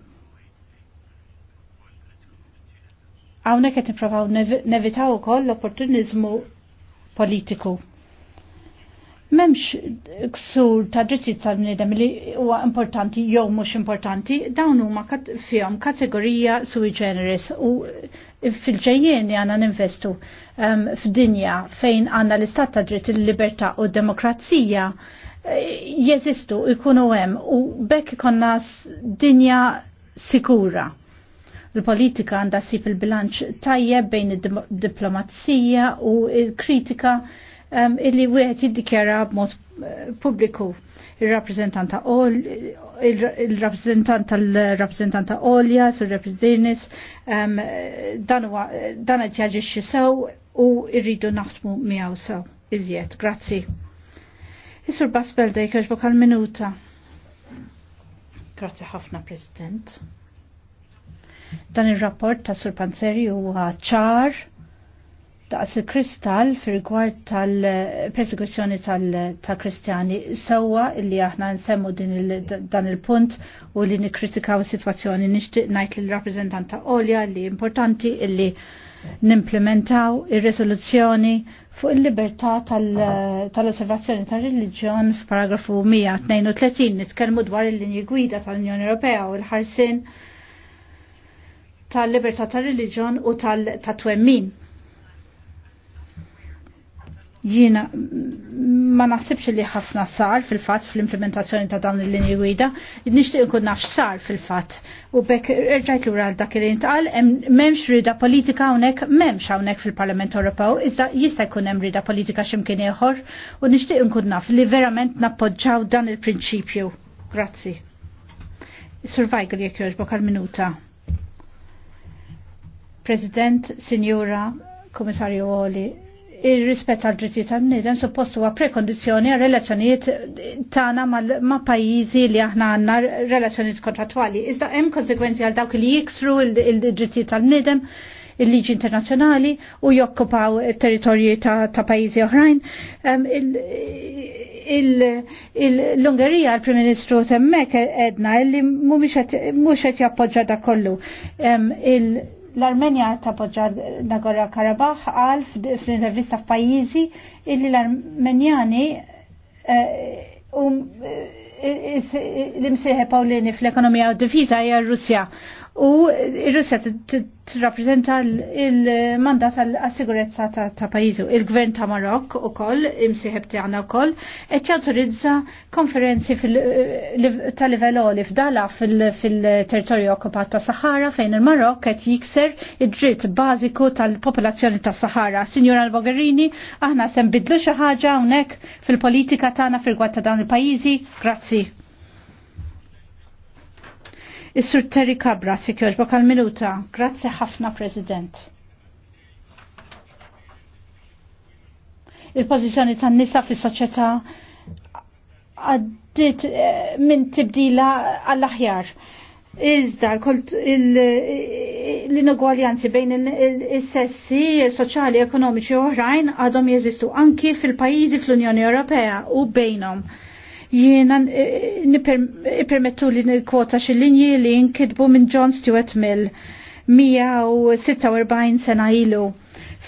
Hawnhekk qed nipprovaw nevitaw ukoll l opportunizmu politiku. M'hemmx ksur ta' drittijiet tal-bniedem li huwa importanti jew mhux importanti, dawn huma kat fihom kategorija sui generis u fil li għana ninvestu um, f'dinja fejn għandna l-istat ta' dritt il-libertà u d-demokrazija e, jeżistu, ikunu hemm u bekk ikonna dinja sikura l-politika għandha sip il-bilanċ tajjeb bejn id-diplomazija u l-kritika um, illi wieħed jiddikjara b'mod eh, pubbliku. Il-rappresentanta il-rappresentanta rappresentanta Olja, sur represidenis um, dan qed jaġixxi sew u rridu naħsmu miegħu sew. Iżjed, grazzi. Isur Basbel dejkeġ bokal minuta. Grazzi ħafna, President. Dan il-rapport ta' Sur Panzeri huwa ċar daqs il-kristall fi rigward tal-persekuzzjoni tal-Kristjani sewwa li aħna nsemmu dan il-punt u li nikkritikaw is-sitwazzjoni nixtieq ngħid lill-rappreżentant ta' Olja li importanti illi nimplementaw ir-resoluzzjoni fuq il-libertà tal-osservazzjoni tal tal-reliġjon f'paragrafu 132 nitkellmu dwar il-linji gwida tal-Unjoni Ewropea u l-ħarsin tal-libertà tal-reliġjon u tal-twemmin. Jiena ma naħsibx li ħafna sar fil-fatt fl-implementazzjoni ta' dawn il-linji gwida, nixtieq inkun naf sar fil-fatt. U bekk irġajt lura għal dak li intqal, m'hemmx rida politika hawnhekk m'hemmx hawnhekk fil-Parlament Ewropew, iżda jista' jkun hemm rida politika x'imkien ieħor u nixtieq inkun naf li verament nappoġġaw dan il-prinċipju. Grazzi. Survival jekk jogħġbok għal-minuta. President, Signora, Komissarju Oli, il-rispett għal dritti tan-nidem suppost huwa prekondizzjoni għal relazzjonijiet tagħna ma' pajjiżi li aħna għandna relazzjonijiet kontrattwali. Iżda hemm konsekwenzi għal dawk li jiksru il-drittijiet tan-nidem il-liġi internazzjonali u jokkupaw territorji ta', pajjiżi oħrajn. L-Ungerija, l-Prim Ministru temmek edna li mhux qed jappoġġa da kollu l-Armenja ta' poġġa Nagorra Karabakh għal fl-intervista f'pajjiżi illi l-Armenjani eh, um, eh, eh, l-imsieħe Pawlini fl-ekonomija u d-difiża hija r-Russja u il russja t-rapprezenta il-mandat għal-assigurezza ta' pajizu. Il-gvern ta' Marok u koll, imsiħeb għana u koll, et jautorizza konferenzi ta' livelloli f'dala fil-territorju okkupat ta' Sahara fejn il-Marok et jikser id-dritt bażiku tal-popolazzjoni ta' Sahara. Signora Albogherini aħna sem bidlu xi ħaġa hawnhekk fil-politika tagħna fil-gwatt ta' dawn il-pajjiżi. Grazzi. Is-Sur Terry Kabra, Sikjoġ Bakal Minuta, grazzi ħafna President. Il-pozizjoni tan-nisa fis-soċjetà għaddit eh, minn tibdila għall-aħjar. Iżda, l-inugwaljanzi bejn il-sessi soċjali, ekonomiċi u oħrajn għadhom jeżistu anki fil-pajizi fl-Unjoni Ewropea u bejnhom. Jiena e- e- nipermettu li nikwota xi linji li nkidbu minn John Stuart Mill 146 sena ilu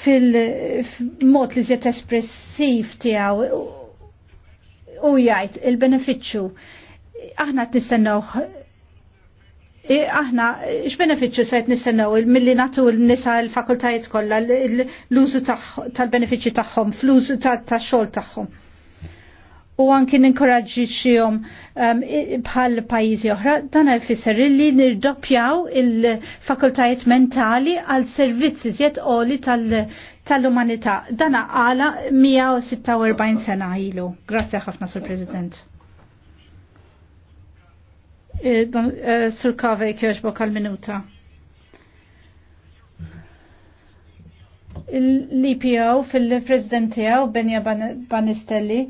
fil-mod li zjet espressiv tijaw u jajt il-beneficju aħna t nistennew aħna x-beneficju sajt nistennaw mill-li natu l-nisa l-fakultajiet kolla l-użu tal-beneficju taħħom, fl-użu tal-xol taħħom u anki ninkoraġġixhom um, bħal pajjiżi oħra, dan jfisser li nirdoppjaw il-fakultajiet mentali għal servizzi żjed oli tal-umanità. Tal dan għala 146 sena ilu. Grazie ħafna, Sur President. Sir eh, eh, sur Kave kjoġbok għal-minuta. l ipo fil-president tijaw Benja Banistelli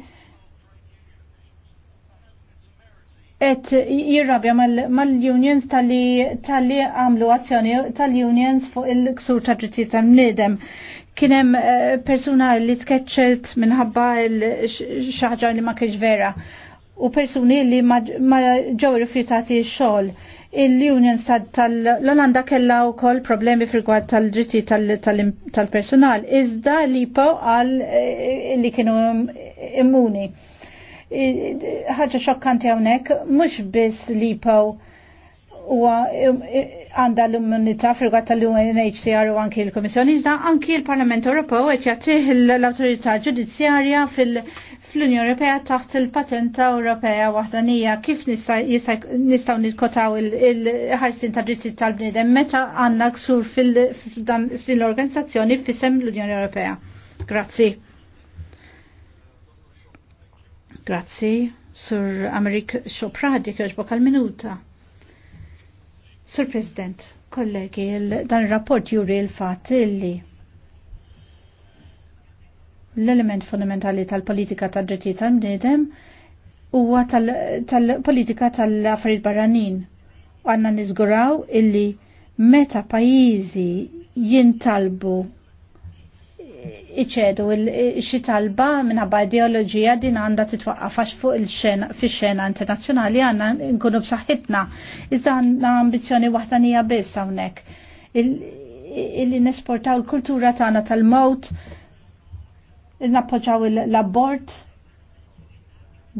et jirrabja mal-unions tal-li għamlu azzjoni tal-unions fuq il-ksur ta' ġittijiet tal-nidem. Kienem eh, persuna li tkeċċelt minħabba il xaħġa li ma kienx vera u persuni li ma ġew rifjutati xogħol. Il-unions tal-Olanda kella u kol problemi frigwad tal-ġitti tal-personal. Iżda li po għal eh, li kienu immuni ħaġa xokkanti hawnhekk mhux biss paw u għandha l-immunità frigwat tal-UNHCR u anki l-Komissjoni, iżda anki l-Parlament Ewropew qed jagħtih l-awtorità ġudizzjarja fl-Unjoni Ewropea taħt il-patenta Ewropea waħdanija kif nistgħu nikkotaw il-ħarsin ta' dritti tal-bniedem meta għandna ksur fil-organizzazzjoni fissem l-Unjoni Ewropea. Grazzi. Grazzi, Sur Amerik Xopradi kħoġbok għal-minuta. Sur President, kollegi, dan il-rapport juri il-fat illi l-element fondamentali tal-politika tad-drittijiet tal-bniedem huwa tal-politika tal tal-affarijiet barranin. Għanna nizguraw illi meta pajizi jintalbu iċedu xi talba minħabba ideoloġija din għandha titwaqqafax fuq il-xena fix-xena internazzjonali għandna nkunu b'saħħitna. Iżda għandna ambizzjoni waħdanija biss hawnhekk. Illi nesportaw il-kultura tagħna tal il-nappoġaw l-abort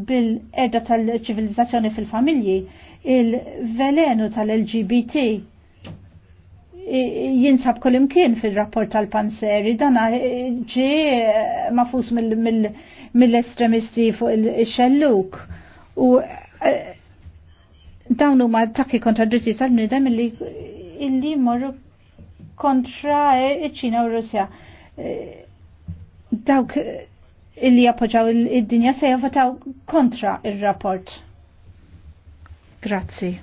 bil-erda tal-ċivilizzazzjoni fil-familji, il-velenu tal-LGBT jinsab imkien fil-rapport tal-Panseri, dana ġi mafus mill-estremisti fuq il-xelluk. U eh, dawn huma takki kontra dritti tal-bnidem illi morru kontra iċ-Ċina eh, u Russja. Eh, dawk illi appoġġaw id-dinja se javotaw kontra il-rapport. Grazzi.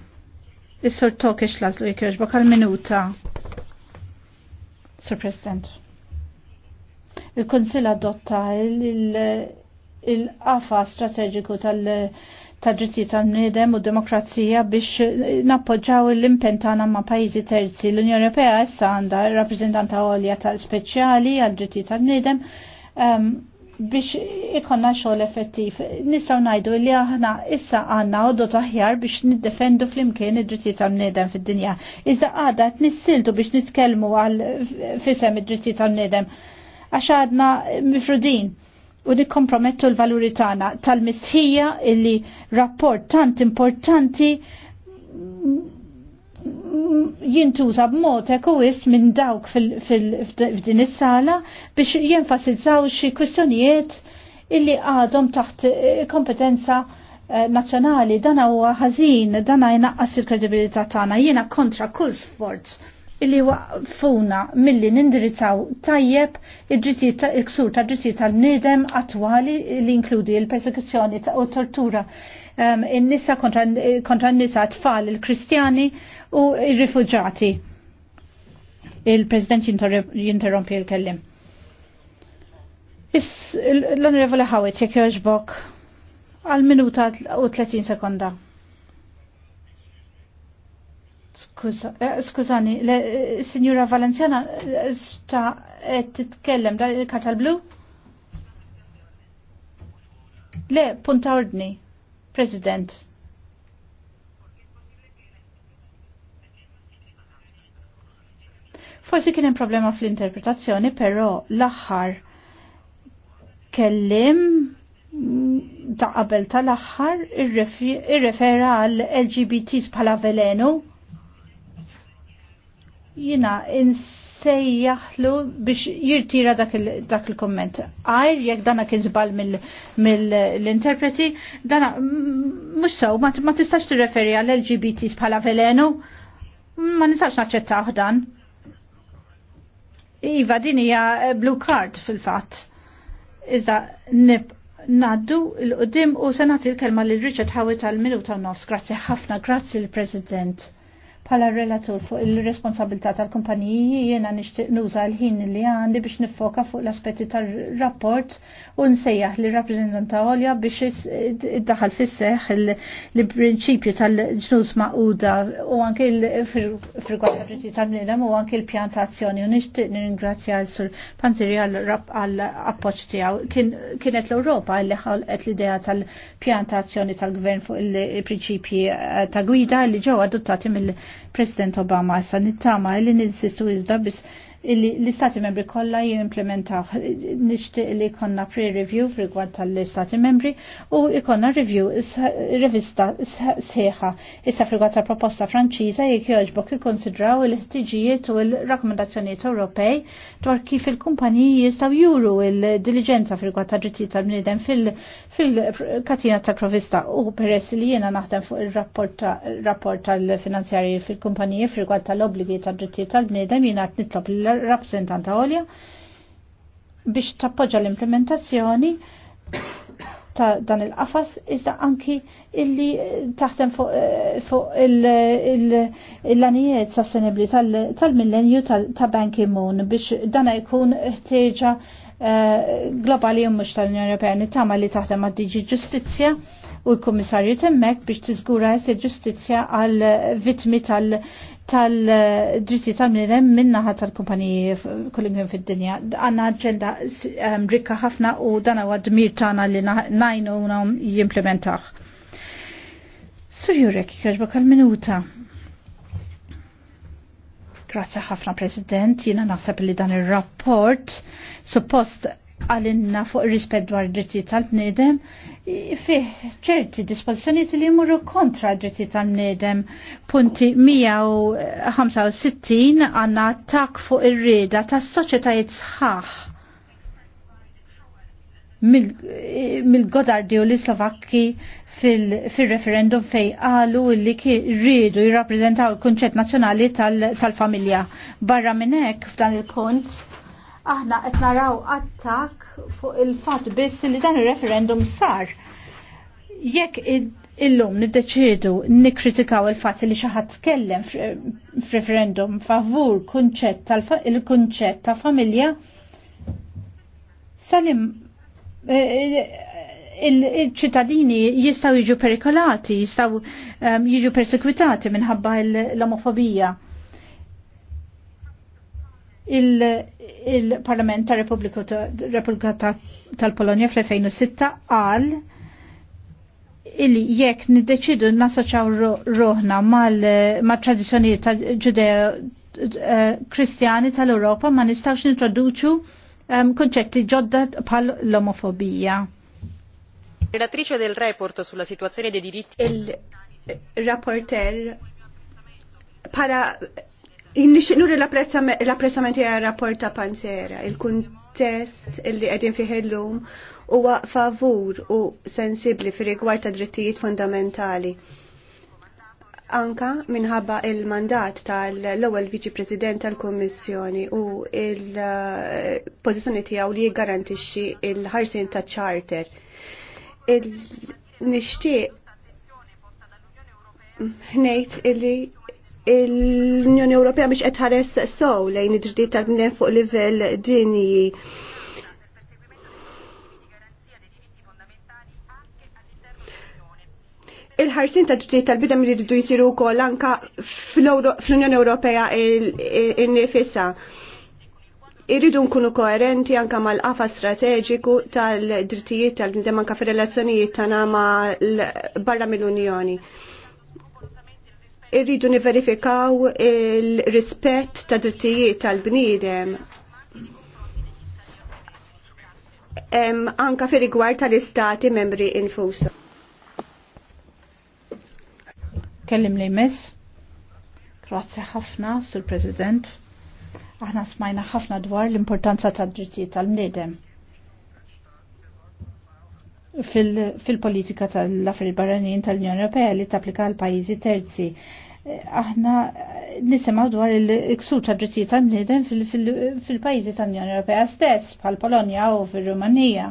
Is-sur Tokex lazlu jekk għal minuta. Sir President. Il-Konsil adotta il-qafa strategiku tal- tad-dritti tal-bniedem u demokrazija biex nappoġġaw l-impen tagħna ma' pajjiżi terzi. L-Unjoni Ewropea issa għandha rappreżentanta għolja tal-speċjali għal-dritti tal-bniedem um, biex ikonna xogħol effettiv. Nistgħu ngħidu li aħna issa għandna għodot aħjar biex niddefendu flimkien id-drittijiet tal-bniedem fid-dinja. Iżda għadha qed nissiltu biex nitkellmu għal fisem id-drittijiet tal-bniedem. Għax għadna mifrudin u nikkompromettu l-valuri tagħna tal-misħija illi rapport tant importanti jintuża b'mod ekwis minn dawk f'din is-sala biex jenfasizzaw xi kwistjonijiet illi għadhom taħt eh, kompetenza eh, nazzjonali dan huwa ħażin, dan jnaqqas il-kredibilità tagħna. Jiena kontra kull sforz illi waqfuna milli nindirizzaw tajjeb id-drittijiet il-ksur ta' drittijiet tal-bniedem attwali li inkludi l-persekuzzjoni ta' u tortura in-nisa kontra n-nisa tfal il-Kristjani u il-rifugġati. Il-President jinterrompi il-kellim. Is l-Onorevole Hawit, jek joġbok għal minuta u 30 sekonda. Eh, skużani, eh, signora Valenziana, eh, sta titkellem da il-karta blu? Le, punta ordni, President. Forsi kien hemm problema fl-interpretazzjoni, però l-aħħar kellim ta' qabel tal-aħħar irrefera għal LGBTs bħala velenu. Jina insejjaħlu biex jirtira dak il-komment. Għajr, jekk dana kien zbal mill-interpreti, dana mux sew, ma tistax tirreferi għal LGBTs bħala velenu, ma nistax naċċettaħ dan. Iva, din hija eh, blue card fil-fatt. Iżda nib naddu l-qoddim u senati l-kelma lil richard Howitt tal-minuta nofs. Grazzi ħafna, grazzi l-President. Pala relatur fuq il-responsabilità tal-kumpaniji jiena nixtieq nuża l-ħin li għandi biex niffoka fuq l-aspetti tal-rapport u nsejjaħ li rappreżentanta għolja biex id-daħal fisseħ l-prinċipju tal-ġnus maquda u anke l tal-prinċipju tal-bniedem u anke l-pjan ta' azzjoni u nixtieq nirringrazzja l-sur Panzeri għall-appoġġ tiegħu. Kienet l-Ewropa li ħolqet l-idea tal-pjan ta' azzjoni tal-gvern fuq il-prinċipji ta' gwida li ġew adottati mill- President Obama issa nittama li ninsistu iżda biss l-istati membri kollha jimplementaw nixtieq li jkollna pre-review rigward tal-istati membri u jkollna review rivista sħiħa. Issa rigward tal-proposta Franċiża jekk jogħġbok ikkonsidraw il-ħtiġijiet u l-rakkomandazzjonijiet Ewropej dwar kif il-kumpaniji jistgħu juru l-diligenza rigward tad-drittijiet tal-bniedem fil-katina ta' provista u peress li jena naħdem fuq il-rapport tal-finanzjari fil kumpanija frigwad tal-obligi ta' drittijiet tal-bnedem jena nitlob l-rappresentant għolja biex tappoġġa l-implementazzjoni ta' dan il-qafas iżda anki illi taħdem fuq eh, il-lanijiet sostenibli tal-millenju ta' Banki Ki-moon biex dana jkun ħtieġa Eh, globali u mux tal-Unjoni Ewropea nittama li taħdem għad diġi ġustizzja u l-Kummissarju temmek biex tiżgura se ġustizzja għal vitmi tal-dritti tal-mirem ħat tal-kumpaniji kullimkien fid-dinja. Għanna ġenda rikka ħafna u dan huwa dmir tagħna li najnu jimplementaħ. Sur Jurek, kħarġbak għal-minuta. Grazie ħafna President, jina naħseb li dan il-rapport suppost għalinna fuq rispet dwar drittijiet tal-bnedem fih ċerti dispożizzjonijiet li jmurru kontra drittijiet tal-bnedem. Punti 165 għanna attak fuq ir-rieda tas-soċjetajiet sħaħ mill-Godardi eh, u l-Slovakki fil-referendum fil fej għalu li rridu jirrappreżentaw il-kunċett nazzjonali tal-familja. Tal Barra minnek f'dan il-kont, aħna qed naraw attak fuq il-fatt biss li dan il-referendum sar. Jekk illum niddeċidu nikkritikaw il-fatt li xi ħadd tkellem f'referendum favur kunċett tal-kunċett ta' familja, salim eh, eh, il-ċittadini jistaw jiġu perikolati, jistaw um, jiġu persekwitati minħabba l-omofobija. Il-Parlament il ta' Repubblika tal-Polonja fl-2006 għal illi jekk niddeċidu nasoċaw roħna mal-tradizjoniet ta' ġudeo eh, kristjani tal-Europa ma nistawx nintroduċu um, konċetti ġodda bħal l-omofobija. Relatrice del report sulla situazione dei diritti. Il-rapporter para Innixinu l-apprezzamenti għal rapport ta' panzera, il-kuntest li għedin fiħillum huwa favur u sensibli fi rigward ta' drittijiet fundamentali. Anka minħabba il-mandat tal-ewwel viċi President tal-Kummissjoni u il-pożizzjoni eh, tiegħu li jgarantixxi il-ħarsin ta' charter il nixtieq ngħid illi l-Unjoni Ewropea biex qed ħares sew lejn id-drittijiet tal bnien fuq livell dinji. il-ħarsin ta' drittijiet tal-bidem li rridu jsiru wkoll anke fl-Unjoni Ewropea in-nifisa. Irridu nkunu koerenti anka mal-qafa strateġiku tal-drittijiet tal-bnidem anka fir-relazzjonijiet tagħna ma barra mill-Unjoni. Irridu niverifikaw il-rispett ta' drittijiet tal-bniedem anka fir rigward tal-istati membri infusa. Kellim li miss. Grazie ħafna, Sur President. Aħna smajna ħafna dwar l-importanza tad drittijiet tal-mniedem fil-politika tal-affari barranin tal-Unjoni Ewropea li tapplika għal pajjiżi terzi. Aħna nisimgħu dwar il-iksur ta' drittijiet tal-bniedem fil-pajjiżi tal-Unjoni Ewropea stess, bħal Polonja u fir-Rumanija.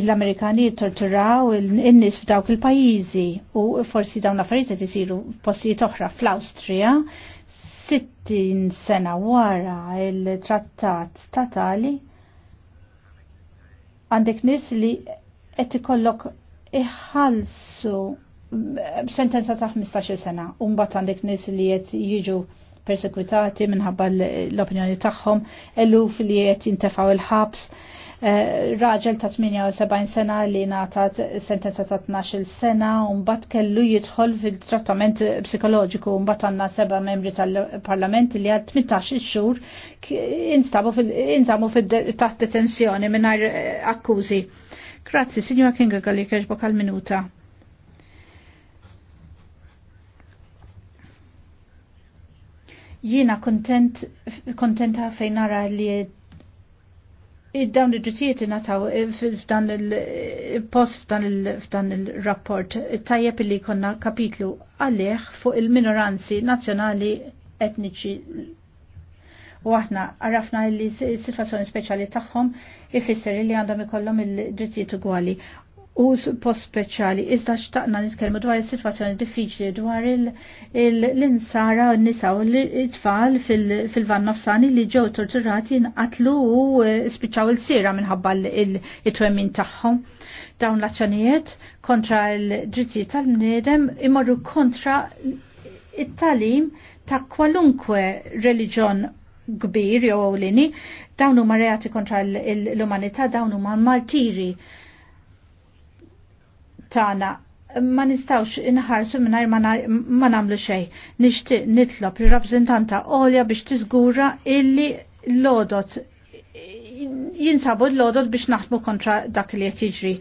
L-Amerikani torturaw il nies f'dawk il-pajjiżi u forsi dawn l-affarijiet qed isiru f'postijiet oħra fl-Awstrija 60 sena wara il-trattat statali għandek nis li qed ikollok iħallsu sentenza ta' 15 sena u mbagħad għandek nis li qed jiġu persekwitati minħabba l-opinjoni tagħhom, eluf li qed jintefgħu il-ħabs, Eh, raġel ta' 78 sena li nata sentenza ta' 12 sena un bat kellu jidħol fil-trattament psikoloġiku un bat għanna seba membri tal-parlament li għad 18 xur instabu fil-taħt detenzjoni minn eh, akkużi. Grazzi, signora Kinga għalli kħeġbok għal-minuta. Jiena kontenta fejn nara li id-dawn id-drittijiet nataw f'dan il-post f'dan il-rapport tajjeb li konna kapitlu għalih fuq il-minoranzi nazjonali etniċi u aħna għarafna il situazzjoni speċjali tagħhom ifisser li għandhom ikollhom il-drittijiet ugwali U post speċjali. Iżda xtaqna nitkellmu dwar is-sitwazzjoni diffiċli dwar l-insara u nisa u l-tfal fil vanna f'sani li ġew torturati nqatlu u eh, spiċċaw il-sira minħabba il-twemmin tagħhom. Dawn l-azzjonijiet kontra l-drittijiet tal-bniedem imorru kontra it-talim ta' kwalunkwe reliġjon kbir jew ewlieni, dawn huma reati kontra l-umanità, dawn huma martiri. Tana ma nistawx inħarsu minnajr ma namlu xej. Nishti nitlob il-rappresentanta Olja biex tiżgura illi l-odot jinsabu l-odot biex naħdmu kontra dak li qed jiġri.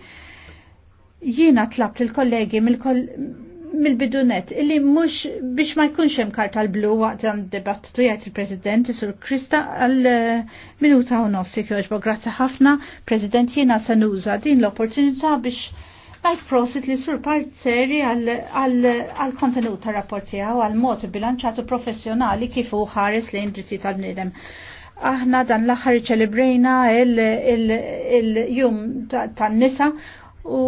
Jiena tlabt il-kollegi mill-bidunet illi mhux biex ma jkunx hemm karta l-blu waqt dan dibattitu jgħid il-President sur Krista għal eh, minuta u nofs jogħġbu. Grazzi ħafna, President jiena se nuża din l-opportunità biex Najt prosit li sur parzeri għal-kontenut ta' rapporti għaw għal-mod bilanċatu professjonali kif u ħares li indritti tal-bnidem. Aħna dan l-axar ċelebrejna il-jum tan-nisa u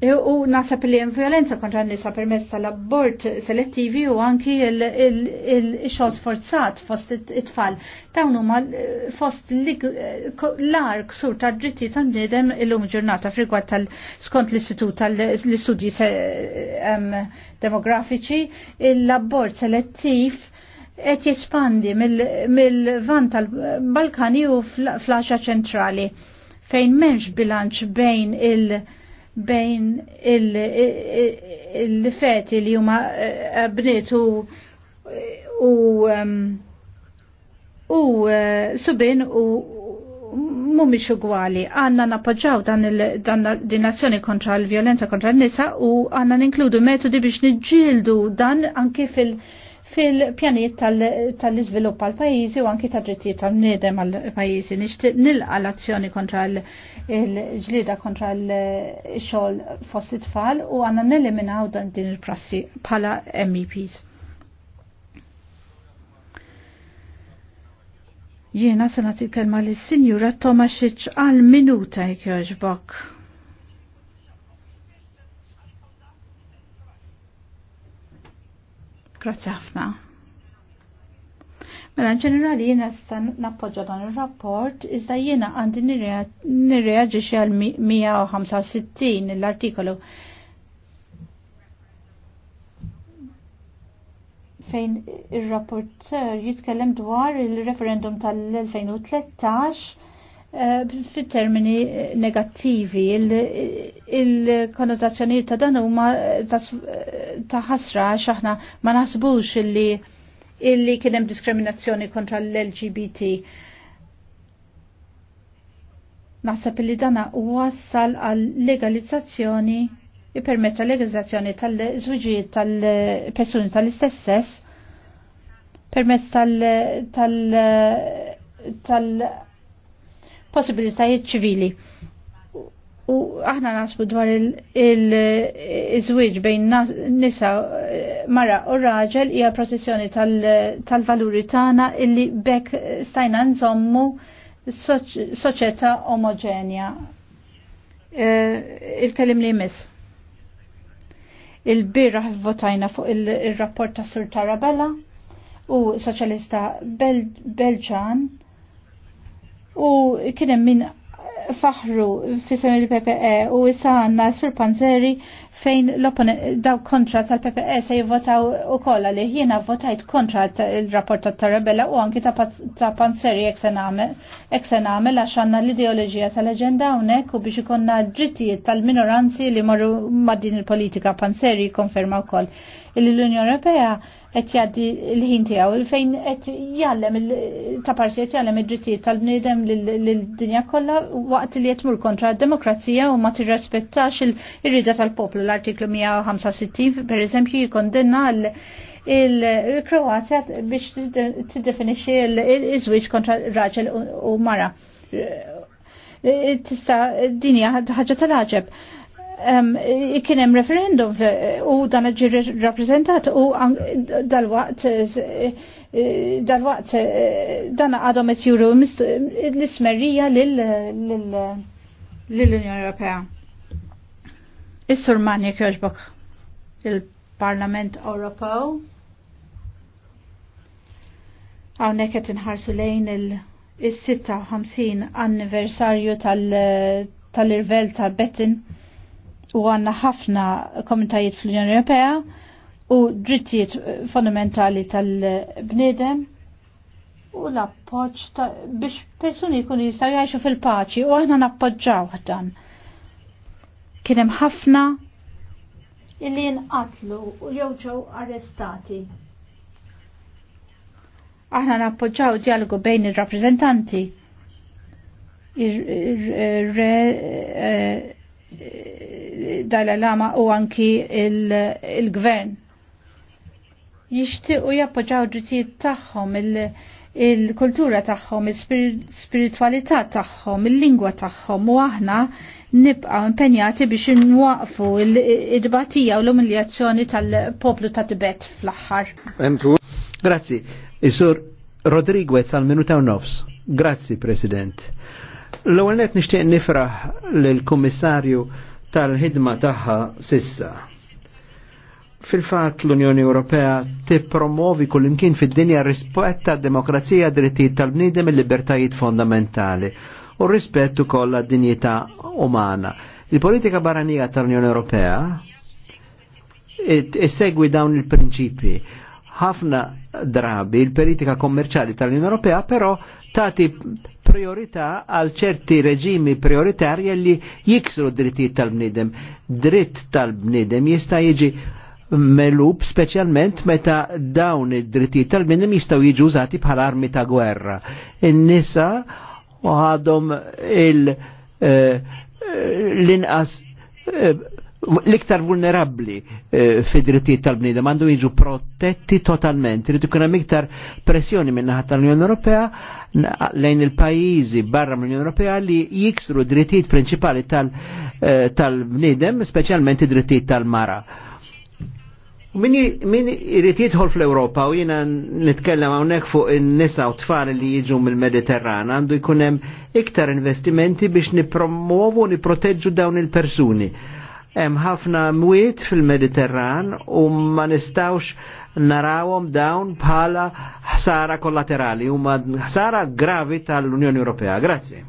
E, u nasab li jen violenza kontra nisa permezz tal-abbort selettivi u anki il-xol sforzat fost it-tfal. Dawn huma eh, fost eh, l-ar ksur ta' dritti tal nidem il-lum ġurnata frigwa tal-skont l-istitut tal-istudji eh, demografiċi, l abort selettiv et jispandi mill-van tal-Balkani u fl-Asia ċentrali fejn menx bilanċ bejn il- bejn il-feti li huma eh, bniet u u u eh, subin u mumiex ugwali. Għanna napoġġaw dan il-dinazzjoni kontra l-violenza kontra n-nisa u għanna ninkludu metodi biex nġildu dan anki fil- fil-pjaniet tal-izvilupp għal pajjiżi u anki ta' drittijiet tal-nidem għal pajjiżi. Nixtieq nilqa l-azzjoni kontra l-ġlida kontra l-xogħol fossi it-tfal u għandna neliminaw dan din il-prassi bħala MEPs. Jiena sanat il kelma lis-Sinjura Tomasic għal minuta jekk jogħġbok. Grazzi ħafna. Mela ġenerali jiena sta nappoġġa dan ir-rapport iżda jiena għandi nirreaġixxi għal 165 l-artikolu fejn ir-rapporter jitkellem dwar il-referendum tal-2013 Eh, fit termini negattivi il konnotazzjoniet ta' dan huma eh, eh, ta' ħasra aħna ma naħsbux illi illi kien hemm diskriminazzjoni kontra l-LGBT. Naħseb li dan wassal għal legalizzazzjoni jippermetta legalizzazzjoni tal-żwiġijiet tal-persuni tal-istess sess permezz tal-, tal, tal, tal possibilitajiet ċivili. U aħna nasbu dwar il-żwieġ bejn nisa mara u raġel hija protezzjoni tal-valuri tagħna illi bekk stajna nżommu soċjetà omogenja. E, il-kelim li jmiss. il birra votajna fuq il-rapport ta' Sur Tarabella u soċjalista Belġan u kien hemm min faħru fisem il-PPE u issa għanna Sur Panzeri fejn l-opone daw kontra tal-PPE se jivvotaw u kolla li jiena votajt kontra il-rapport ta' Tarabella u anki ta' Panzeri jek se namel għax għanna l-ideologija tal-agenda unek u biex ikonna drittijiet tal-minoranzi li morru ma' din il-politika Panzeri konferma u koll. Il-Unjoni Europea qed jgħaddi l-ħin tiegħu fejn qed jgħallem ta' parsi qed jgħallem id-drittijiet tal-bniedem lill dinja kollha waqt li qed mur kontra d-demokrazija u ma tirrespettax ir-rida tal-poplu l-artiklu 165 pereżempju jikondenna il-Kroazja biex tiddefinixxi l iżwiġ kontra raġel u mara. Tista' dinja ħaġa tal-ħaġeb kien hemm referendum u dan ġi rappresentat u dal-waqt eh, dal-waqt eh, dan għadhom qed juru l-ismerrija lill-Unjoni Ewropea. Is-Sur Manja Kjoġbok, il-Parlament Ewropew. Hawnhekk qed inħarsu lejn il-56 anniversarju tal-irvel ta' Bettin u għanna ħafna komitajiet fl-Unjoni Ewropea u drittijiet fondamentali tal-bnedem u l appoġġ biex persuni jkunu jistaw jgħixu fil-paċi u aħna nappoġġaw dan. Kienem ħafna illi jinqatlu u jew ġew arrestati. Aħna nappoġġaw dialogu bejn ir-rappreżentanti ir-re eh, il-Dalai Lama u anki il-gvern. Il Jixtiequ jappoġġaw drittijiet tagħhom il-kultura tagħhom, il-spiritualità tagħhom, il-lingwa tagħhom u aħna nibqgħu impenjati biex nwaqfu l-idbatija u l-umiljazzjoni tal-poplu ta' Tibet fl-aħħar. Grazzi. Isur Rodriguez għal minuta u nofs. Grazzi, President. L-ewwel qed nixtieq nifraħ lill-Kummissarju tal-ħidma taħħa sissa. Fil-fat l-Unjoni Ewropea tippromovi kull-imkien fid-dinja rispett ta' demokrazija drittijiet tal bnidem il-libertajiet fondamentali u rispettu ukoll għad-dinjità umana. Il-politika baranija tal-Unjoni Ewropea segwi dawn il-prinċipi. Ħafna drabi il-politika kommerċali tal-Unjoni Ewropea però tati priorità għal ċerti reġimi prioritarji li jiksru drittijiet tal-bnidem. Dritt tal-bnidem jista' jiġi melub specialment meta dawn id-drittijiet tal-bnidem jistgħu jiġu użati bħal armi ta' gwerra. In-nisa għadhom il- eh, eh, l-inqas eh, l-iktar vulnerabli fi drittijiet tal-bnidem għandu jiġu protetti totalment. Rridu kuna miktar pressjoni minnaħat tal-Unjoni Ewropea lejn il-pajizi barra mill-Unjoni Ewropea li jiksru drittijiet prinċipali tal-bnidem, tal eh, specialment drittijiet tal-mara. Min irrit jidħol fl-Europa u jina nitkellem hawnhekk fuq in-nisa u tfal li jiġu mill-Mediterran għandu jkun hemm iktar investimenti biex nipromuovu u niproteġġu dawn il-persuni hemm ħafna mwiet fil-Mediterran u ma nistawx narawhom dawn bħala ħsara kollaterali huma ħsara gravi tal-Unjoni Ewropea. Grazzi.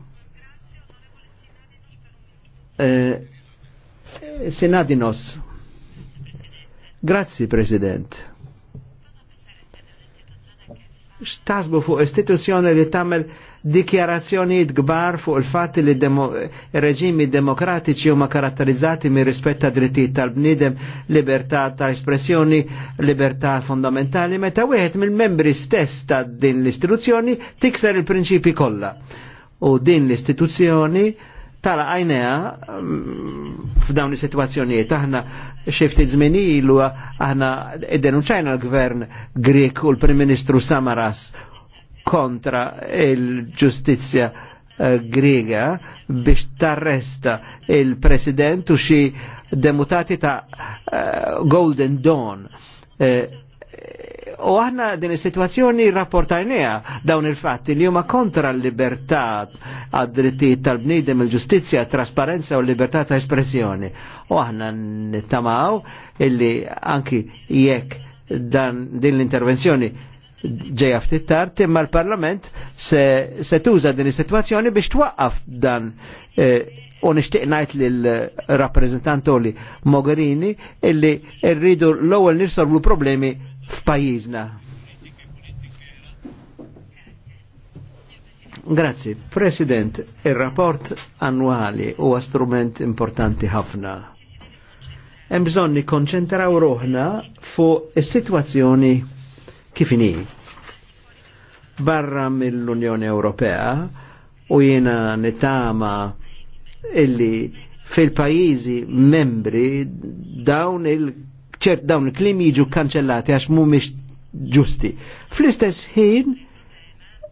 Eh, Sinadinos. Grazzi, President. Xtasbu fuq istituzzjoni li tamel dikjarazzjonijiet gbar fuq il-fatt li reġimi demokratiċi huma karatterizzati mir rispett ta' drittijiet tal-bniedem, libertà ta' espressjoni, libertà fondamentali, meta wieħed mill-membri stess ta' din l-istituzzjoni tikser il-prinċipi kollha. U din l-istituzzjoni tara għajnea mm, f'dawn is-sitwazzjonijiet aħna xifti żmien ilu aħna denunċajna l-gvern Grek u l-Prim Ministru Samaras kontra il-ġustizja eh, grega biex tarresta il-president u xi demutati ta' eh, Golden Dawn. Eh, u aħna din is-sitwazzjoni rapportajnija dawn il-fatti li huma kontra l-libertà għad-drittijiet tal-bniedem, il-ġustizzja, trasparenza u l-libertà ta' espressjoni. U aħna nittamaw illi anki jekk dan din l-intervenzjoni ġeja ftit tard, imma l-Parlament se, se tuża din is-sitwazzjoni biex twaqqaf dan eh, u nixtieq ngħid lill-rappreżentant Mogherini illi rridu l-ewwel nirsolvu problemi f'pajjiżna. Grazie. President, il-rapport annuali huwa strument importanti ħafna. Hemm bżonn nikkonċentraw ruħna fuq is-sitwazzjoni kif inhi. Barra mill-Unjoni Ewropea u jiena nitama illi fil-pajjiżi membri dawn il ċert dawn il-klim jiġu kanċellati għax mhumiex ġusti. Fl-istess ħin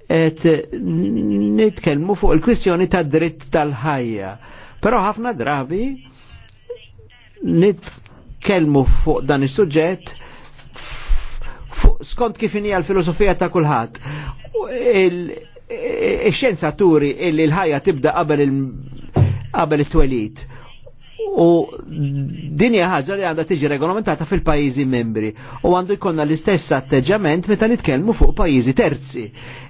qed nitkellmu fuq il-kwistjoni tad dritt tal-ħajja. Però ħafna drabi nitkellmu fuq dan is-suġġett skont kif inhi l-filosofija ta' kulħadd. Ix-xjenza turi li l-ħajja tibda qabel qabel it-twelid. U din hija ħaġa li għandha tiġi regolamentata fil-pajjiżi membri u għandu jkollna l-istess atteġġament meta nitkellmu fuq pajjiżi terzi.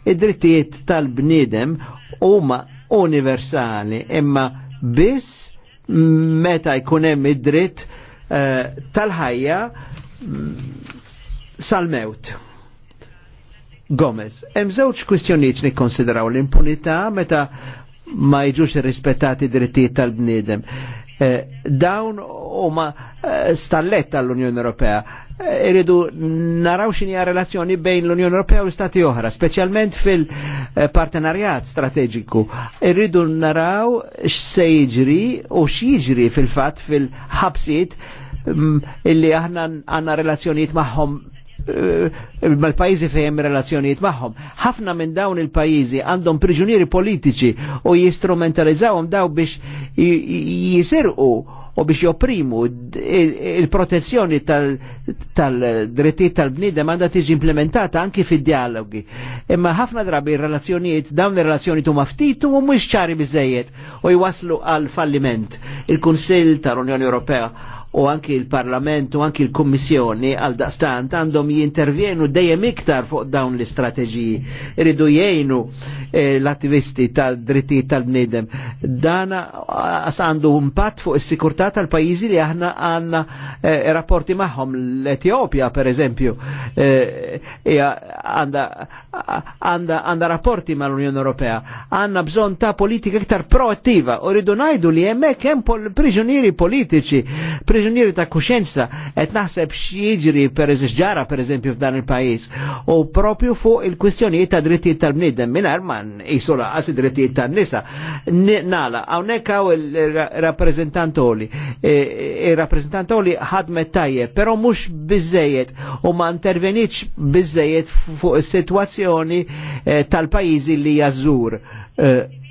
Id-drittijiet tal-bniedem huma universali imma biss meta jkun hemm id-dritt eh, tal-ħajja sal-mewt. Gomez, hemm żewġ kwistjonijiet nikkonsidraw l-impunità meta ma jiġux irrispettati drittijiet tal-bniedem. Eh, dawn huma eh, stallet tal-Unjoni Ewropea. Eh, iridu naraw x'inhi relazzjoni bejn l-Unjoni Ewropea u stati oħra, speċjalment fil-partenarjat eh, strateġiku. Iridu naraw x'se jiġri u x'jiġri fil-fatt fil-ħabsiet mm, illi aħna għanna relazzjonijiet magħhom Eh, eh, mal-pajizi fejem relazzjonijiet magħhom. Ħafna minn dawn il-pajizi għandhom priġunieri politiċi u jistrumentalizzawhom daw biex jisirqu u biex jopprimu il-protezzjoni tal-drittijiet tal-bniedem għandha tiġi implementata anki fid-dialogi. Imma ħafna drabi relazzjonijiet dawn ir-relazzjoni huma ftit u mhux ċari biżejjed u jwaslu għal falliment. Il-Kunsill tal-Unjoni Ewropea u anki il-Parlament u anki il-Kommissjoni għal daqstant għandhom jintervjenu dejjem iktar fuq dawn l-istrateġiji. Iridu jgħinu eh, l-attivisti tal-dritti tal-bnidem. Dana għandu impatt fuq is-sikurtà tal-pajjiżi li aħna għandna eh, rapporti magħhom l-Etjopja per eżempju eh, għanda rapporti l unjoni Ewropea. Għanna bżonn ta' politika iktar proattiva u rridu ngħidu li hemmhekk hemm priġunieri politiċi, raġunieri ta' kuxenza qed naħseb x'jiġri per ġara per eżempju f'dan il-pajjiż u propju fuq il-kwistjonijiet ta' drittijiet tal-bniedem mingħajr ma qisu laqas id-drittijiet tan-nisa. Nala, hawnhekk hawn il-rappreżentantoli. E, il-rappreżentantoli ħadmet tajjeb, però mhux biżejjed u ma intervenitx biżejjed fuq is-sitwazzjoni e, tal-pajjiżi li jażur. Uh, e,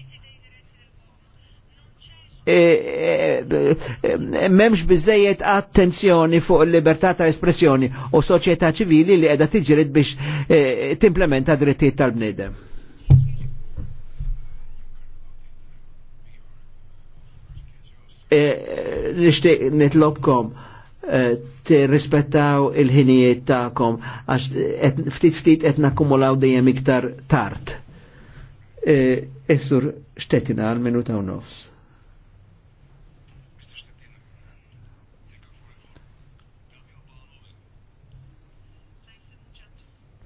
Eh, eh, eh, memx bizzejiet attenzjoni fuq il-libertà ta' espressjoni u soċjetà ċivili li qiegħda tiġrid biex timplementa drittijiet tal-bniedem. nishtiq nitlobkom tirrispettaw il-ħinijiet ta'kom għax ftit ftit qed nakkumulaw dejjem iktar tard. Issur xtetina għal minuta u nofs.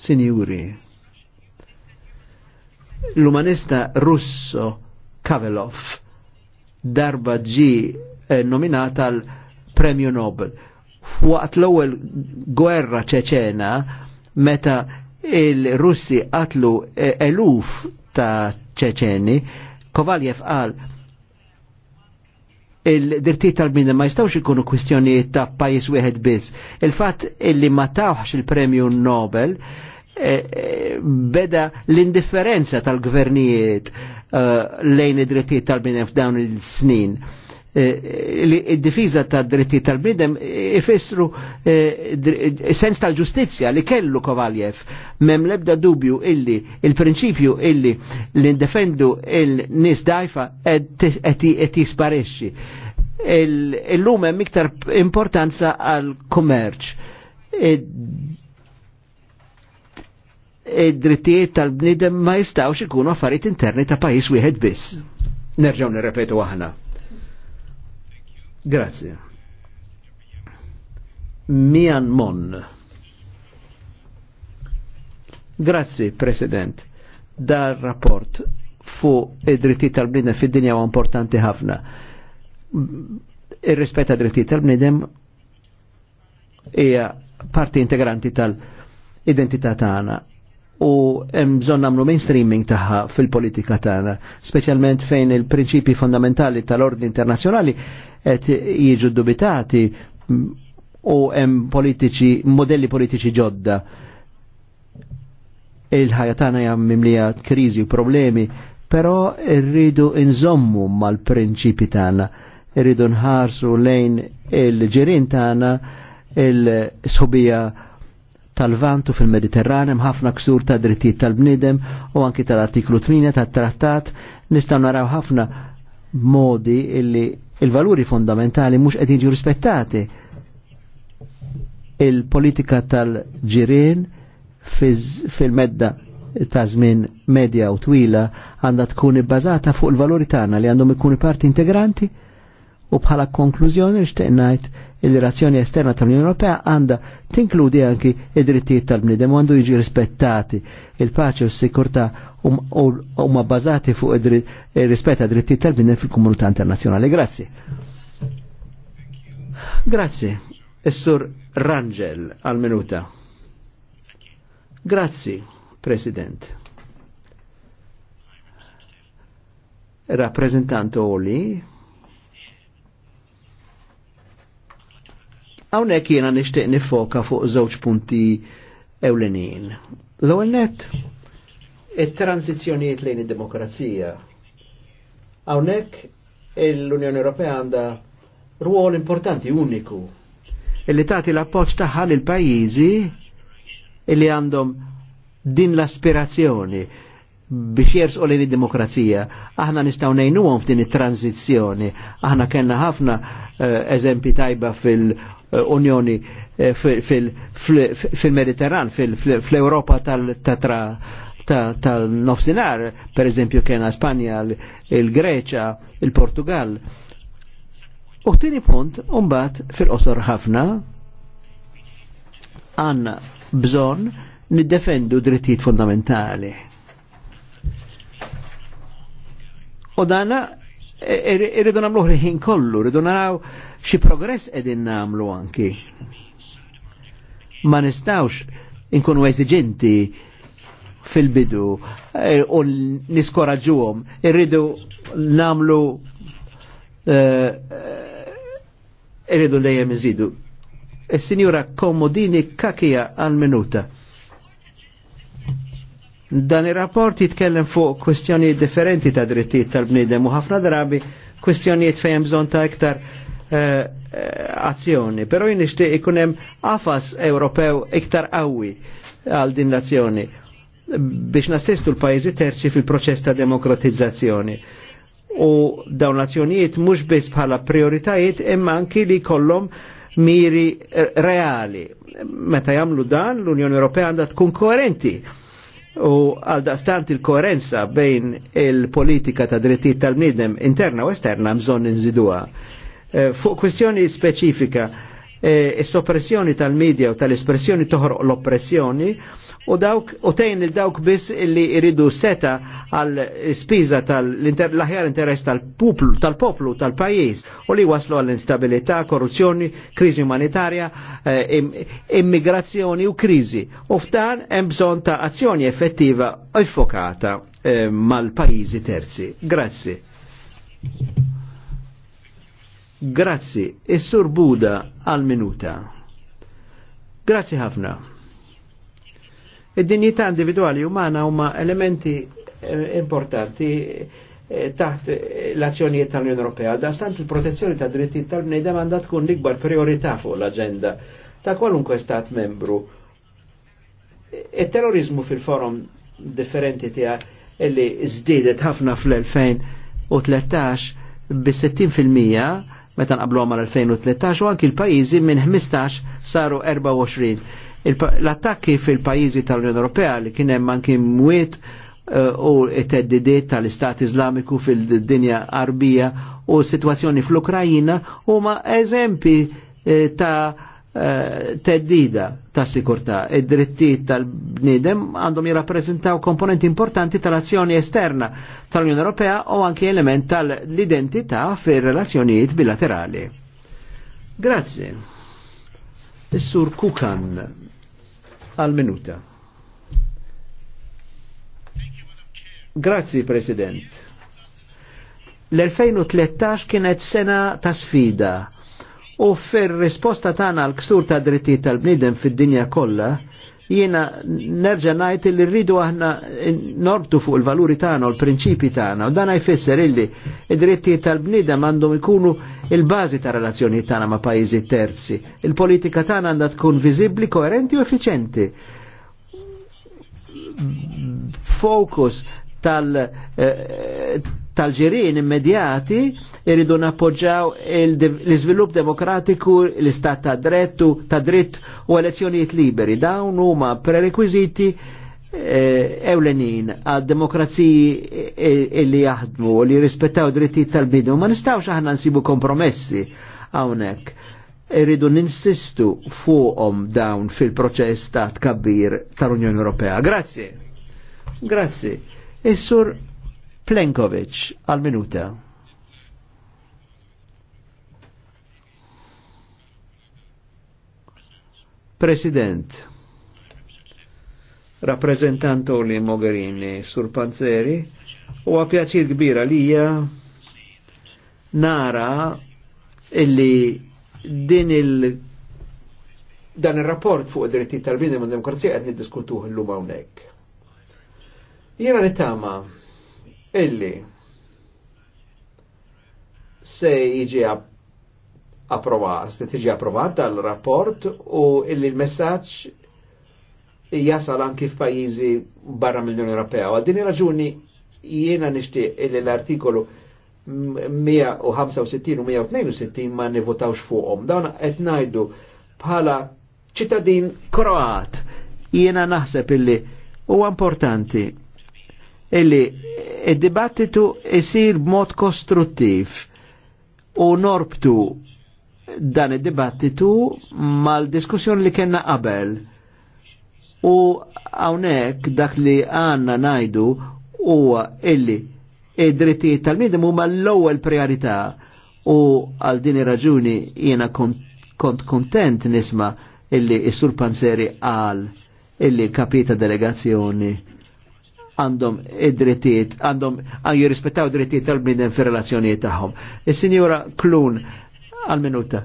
Signori, l-umanista russo Kavelov darba ġi eh, nominata għal premio Nobel. Waqt l-ewwel gwerra ċeċena meta il-Russi qatlu eh, eluf ta' ċeċeni, Kovaljev qal il-dirtiet tal-bnidem ma jistawx ikunu kwistjonijiet ta' pajis wieħed biss. Il-fatt illi ma tawħx il-Premju Nobel Eh, eh, beda l-indifferenza tal-gvernijiet eh, lejn id-drittijiet tal-bnedem f'dawn il-snin id-difiża tad-drittijiet tal-bnidem ifissru sens tal-ġustizja li kellu Kovaljev mem lebda dubju illi il-prinċipju illi l-indefendu il-nis dajfa et jisparixxi. il hemm iktar importanza għal-kummerċ id-drittijiet tal-bnidem ma jistawx ikunu affarijiet interni ta' pajis wieħed biss. Nerġgħu nirrepetu aħna. Grazie. Mian Mon. Grazzi, President. Dar rapport fu id-dritti tal-bnidem fid-dinja huwa importanti ħafna. Ir-rispetta dritti tal-bnidem hija parti integranti tal-identità tagħna u hemm bżonn nagħmlu mainstreaming tagħha fil-politika tagħna, speċjalment fejn il-prinċipji fondamentali tal-ordni internazzjonali qed jiġu dubitati u hemm politiċi modelli politiċi ġodda. Il-ħajja tagħna hija mimlija kriżi u problemi, però rridu nżommu mal-prinċipji tagħna, rridu nħarsu lejn il-ġirien tagħna il-sħubija il ġirien tagħna il sħubija tal-Vantu fil-Mediterranem, ħafna ksur ta' drittijiet tal-bnidem u anki tal-artiklu 8 tat-trattat nistgħu naraw ħafna modi illi il-valuri fondamentali mhux qed jiġu rispettati. Il-politika tal-ġirien fil-medda ta' żmien medja u twila għandha tkun ibbażata fuq il-valuri tagħna li għandhom ikunu parti integranti U bħala konklużjoni nixtieq ngħid il-relazzjoni esterna tal-Unjoni Ewropea għandha tinkludi anki id-drittijiet tal-bniedem għandu jiġi rispettati il-paċi u s-sikurtà um, huma bbażati fuq ir-rispett għad drittijiet tal-bniedem fil-komunità internazzjonali. Grazzi. Grazzi. Is-sur Rangel għal-minuta. Grazzi, President. Rappresentant Oli, Hawnhekk jiena nixtieq nifoka fuq żewġ punti ewlenin. L-ewwel net il tranzizzjonijiet lejn id-demokrazija. Hawnhekk l-Unjoni Ewropea għandha ruol importanti uniku illi tagħti l-appoġġ tagħha lil pajjiżi illi għandhom din l-aspirazzjoni biex jersqu lejn id-demokrazija. Aħna nistgħu ngħinuhom f'din it-tranzizzjoni. Aħna kellna ħafna eh, eżempi tajba fil- unjoni eh, fil-Mediterran, fil-Europa tal-Tatra tal-nofsinar, per eżempju kena Spanja, il-Greċa, il-Portugal. U tini punt, umbat fil osor ħafna, għanna bżon niddefendu drittijiet fundamentali. U dana Er-, irridu namlu ħin kollu, irridu naraw xi progress qegħdin namlu anki. Ma nistawx inkunu eżiġenti fil-bidu eh, u niskoraġuhom, irridu namlu eh, irridu lejjem iżidu. Is-Sinjura e-, Komodini kakija għal minuta. Dan ir-rapport jitkellem fuq kwestjonijiet differenti ta' drittijiet tal-bniedem u ħafna drabi kwestjonijiet fejn bżonn ta' iktar eh, eh, azzjoni, però jien nixtieq ikun hemm afas Ewropew iktar qawwi għal din l-azzjoni biex nassistu l-pajjiżi terzi fil-proċess ta' demokratizzazzjoni. U dawn l-azzjonijiet mhux biss bħala prioritajiet imma anki li jkollhom miri eh, reali. Meta jagħmlu dan, l-Unjoni Ewropea għandha tkun koerenti u għal daqstant il-koerenza bejn il-politika ta' drittijiet tal-bniedem interna u esterna mżon nżiduha. Eh, fuq kwestjoni speċifika, is-soppressjoni eh, tal-medja u tal-espressjoni toħroq l-oppressjoni u dawk u tejn il dawk biss li iridu seta għal spiża tal-aħjar interess tal-poplu tal-poplu tal-pajjiż u li waslu għall instabilità, korruzzjoni, kriżi umanitarja, eh, immigrazzjoni u kriżi. U f'dan hemm bżonn ta' azzjoni effettiva u effokata eh, mal-pajjiżi terzi. Grazzi. Grazzi, is-sur Buda għal minuta. Grazzi ħafna. Id-dinjità individuali umana huma elementi eh, importanti eh, taħt eh, l-azzjonijiet tal-Unjoni Ewropea. Da stant il-protezzjoni ta' drittijiet tal bnejdem għandha tkun l-ikbar priorità fuq l-aġenda ta' kwalunkwe stat membru. Il-terrorizmu e fil-forum differenti tija illi zdidet ħafna fl-2013 bi 60% meta nqablu għamal 2013 u anki l-pajizi minn 15 saru 24 L-attakki fil-pajizi tal-Unjoni Ewropea li kien hemm anki mwiet eh, u it-teddidiet tal-Istat Islamiku fil-dinja arbija u situazzjoni fl-Ukrajina huma eżempi eh, ta' eh, teddida ta' sikurta. Id-drittijiet tal-bnidem għandhom jirrappreżentaw komponenti importanti tal-azzjoni esterna tal-Unjoni Ewropea u anki element tal-identità fir relazzjonijiet bilaterali. Grazie. Is-sur Kukan għal minuta. Grazzi, President. L-2013 kienet sena ta' sfida u fir risposta tagħna għal ksur ta' drittijiet tal-bniedem fid-dinja kollha jiena nerġa' ngħid li rridu aħna norbtu fuq il-valuri tagħna u l-prinċipi tagħna u dan jfisser illi id-dritti tal-bniedem għandhom ikunu il-bażi ta' relazzjoni tagħna ma' pajjiżi terzi. Il-politika tagħna għandha tkun viżibbli, koerenti u effiċenti. Focus tal eh, tal-ġirien immedjati irridu nappoġġaw l-iżvilupp demokratiku, l-istat ta' drettu, ta' dritt u elezzjonijiet liberi. Dawn huma prerekwiziti eh, ewlenin għad demokraziji illi eh, eh, jaħdmu u li jirrispettaw drittijiet tal-bidu. Ma nistawx aħna nsibu kompromessi hawnhekk. Irridu ninsistu fuqhom dawn fil-proċess ta' tkabbir tal-Unjoni Ewropea. Grazzi. Grazzi. is Plenkovic għal minuta. President, rappresentanto li Mogherini sur Panzeri, u għapjaċir kbira lija nara illi din il dan il-rapport fuq id-dritti tal-bini ma' demokrazija għed diskutuħ l-lum għonek. Jena nittama illi se jiġi approvat, se tiġi approvat tal-rapport u illi l-messaġġ jasal anki f'pajjiżi barra mill-Unjoni Ewropea. Għal din raġuni jiena nishti illi l-artikolu 165 u 162 ma nivotawx fuqhom. Dawn qed ngħidu bħala ċittadin Kroat jiena naħseb illi huwa importanti illi id-dibattitu isir mod kostruttiv u norbtu dan id-dibattitu mal-diskussjoni li kena qabel. U għawnek dak li għanna najdu u illi id dritti tal-midem huma l-ewwel priorità u għal din raġuni jena kont kontent nisma' illi s-sur Panzeri għal illi kapita delegazzjoni għandhom id-drittijiet, għandhom għan jirrispettaw id-drittijiet tal-bniedem fi relazzjonijiet tagħhom. Is-Sinjura Klun għal-minuta.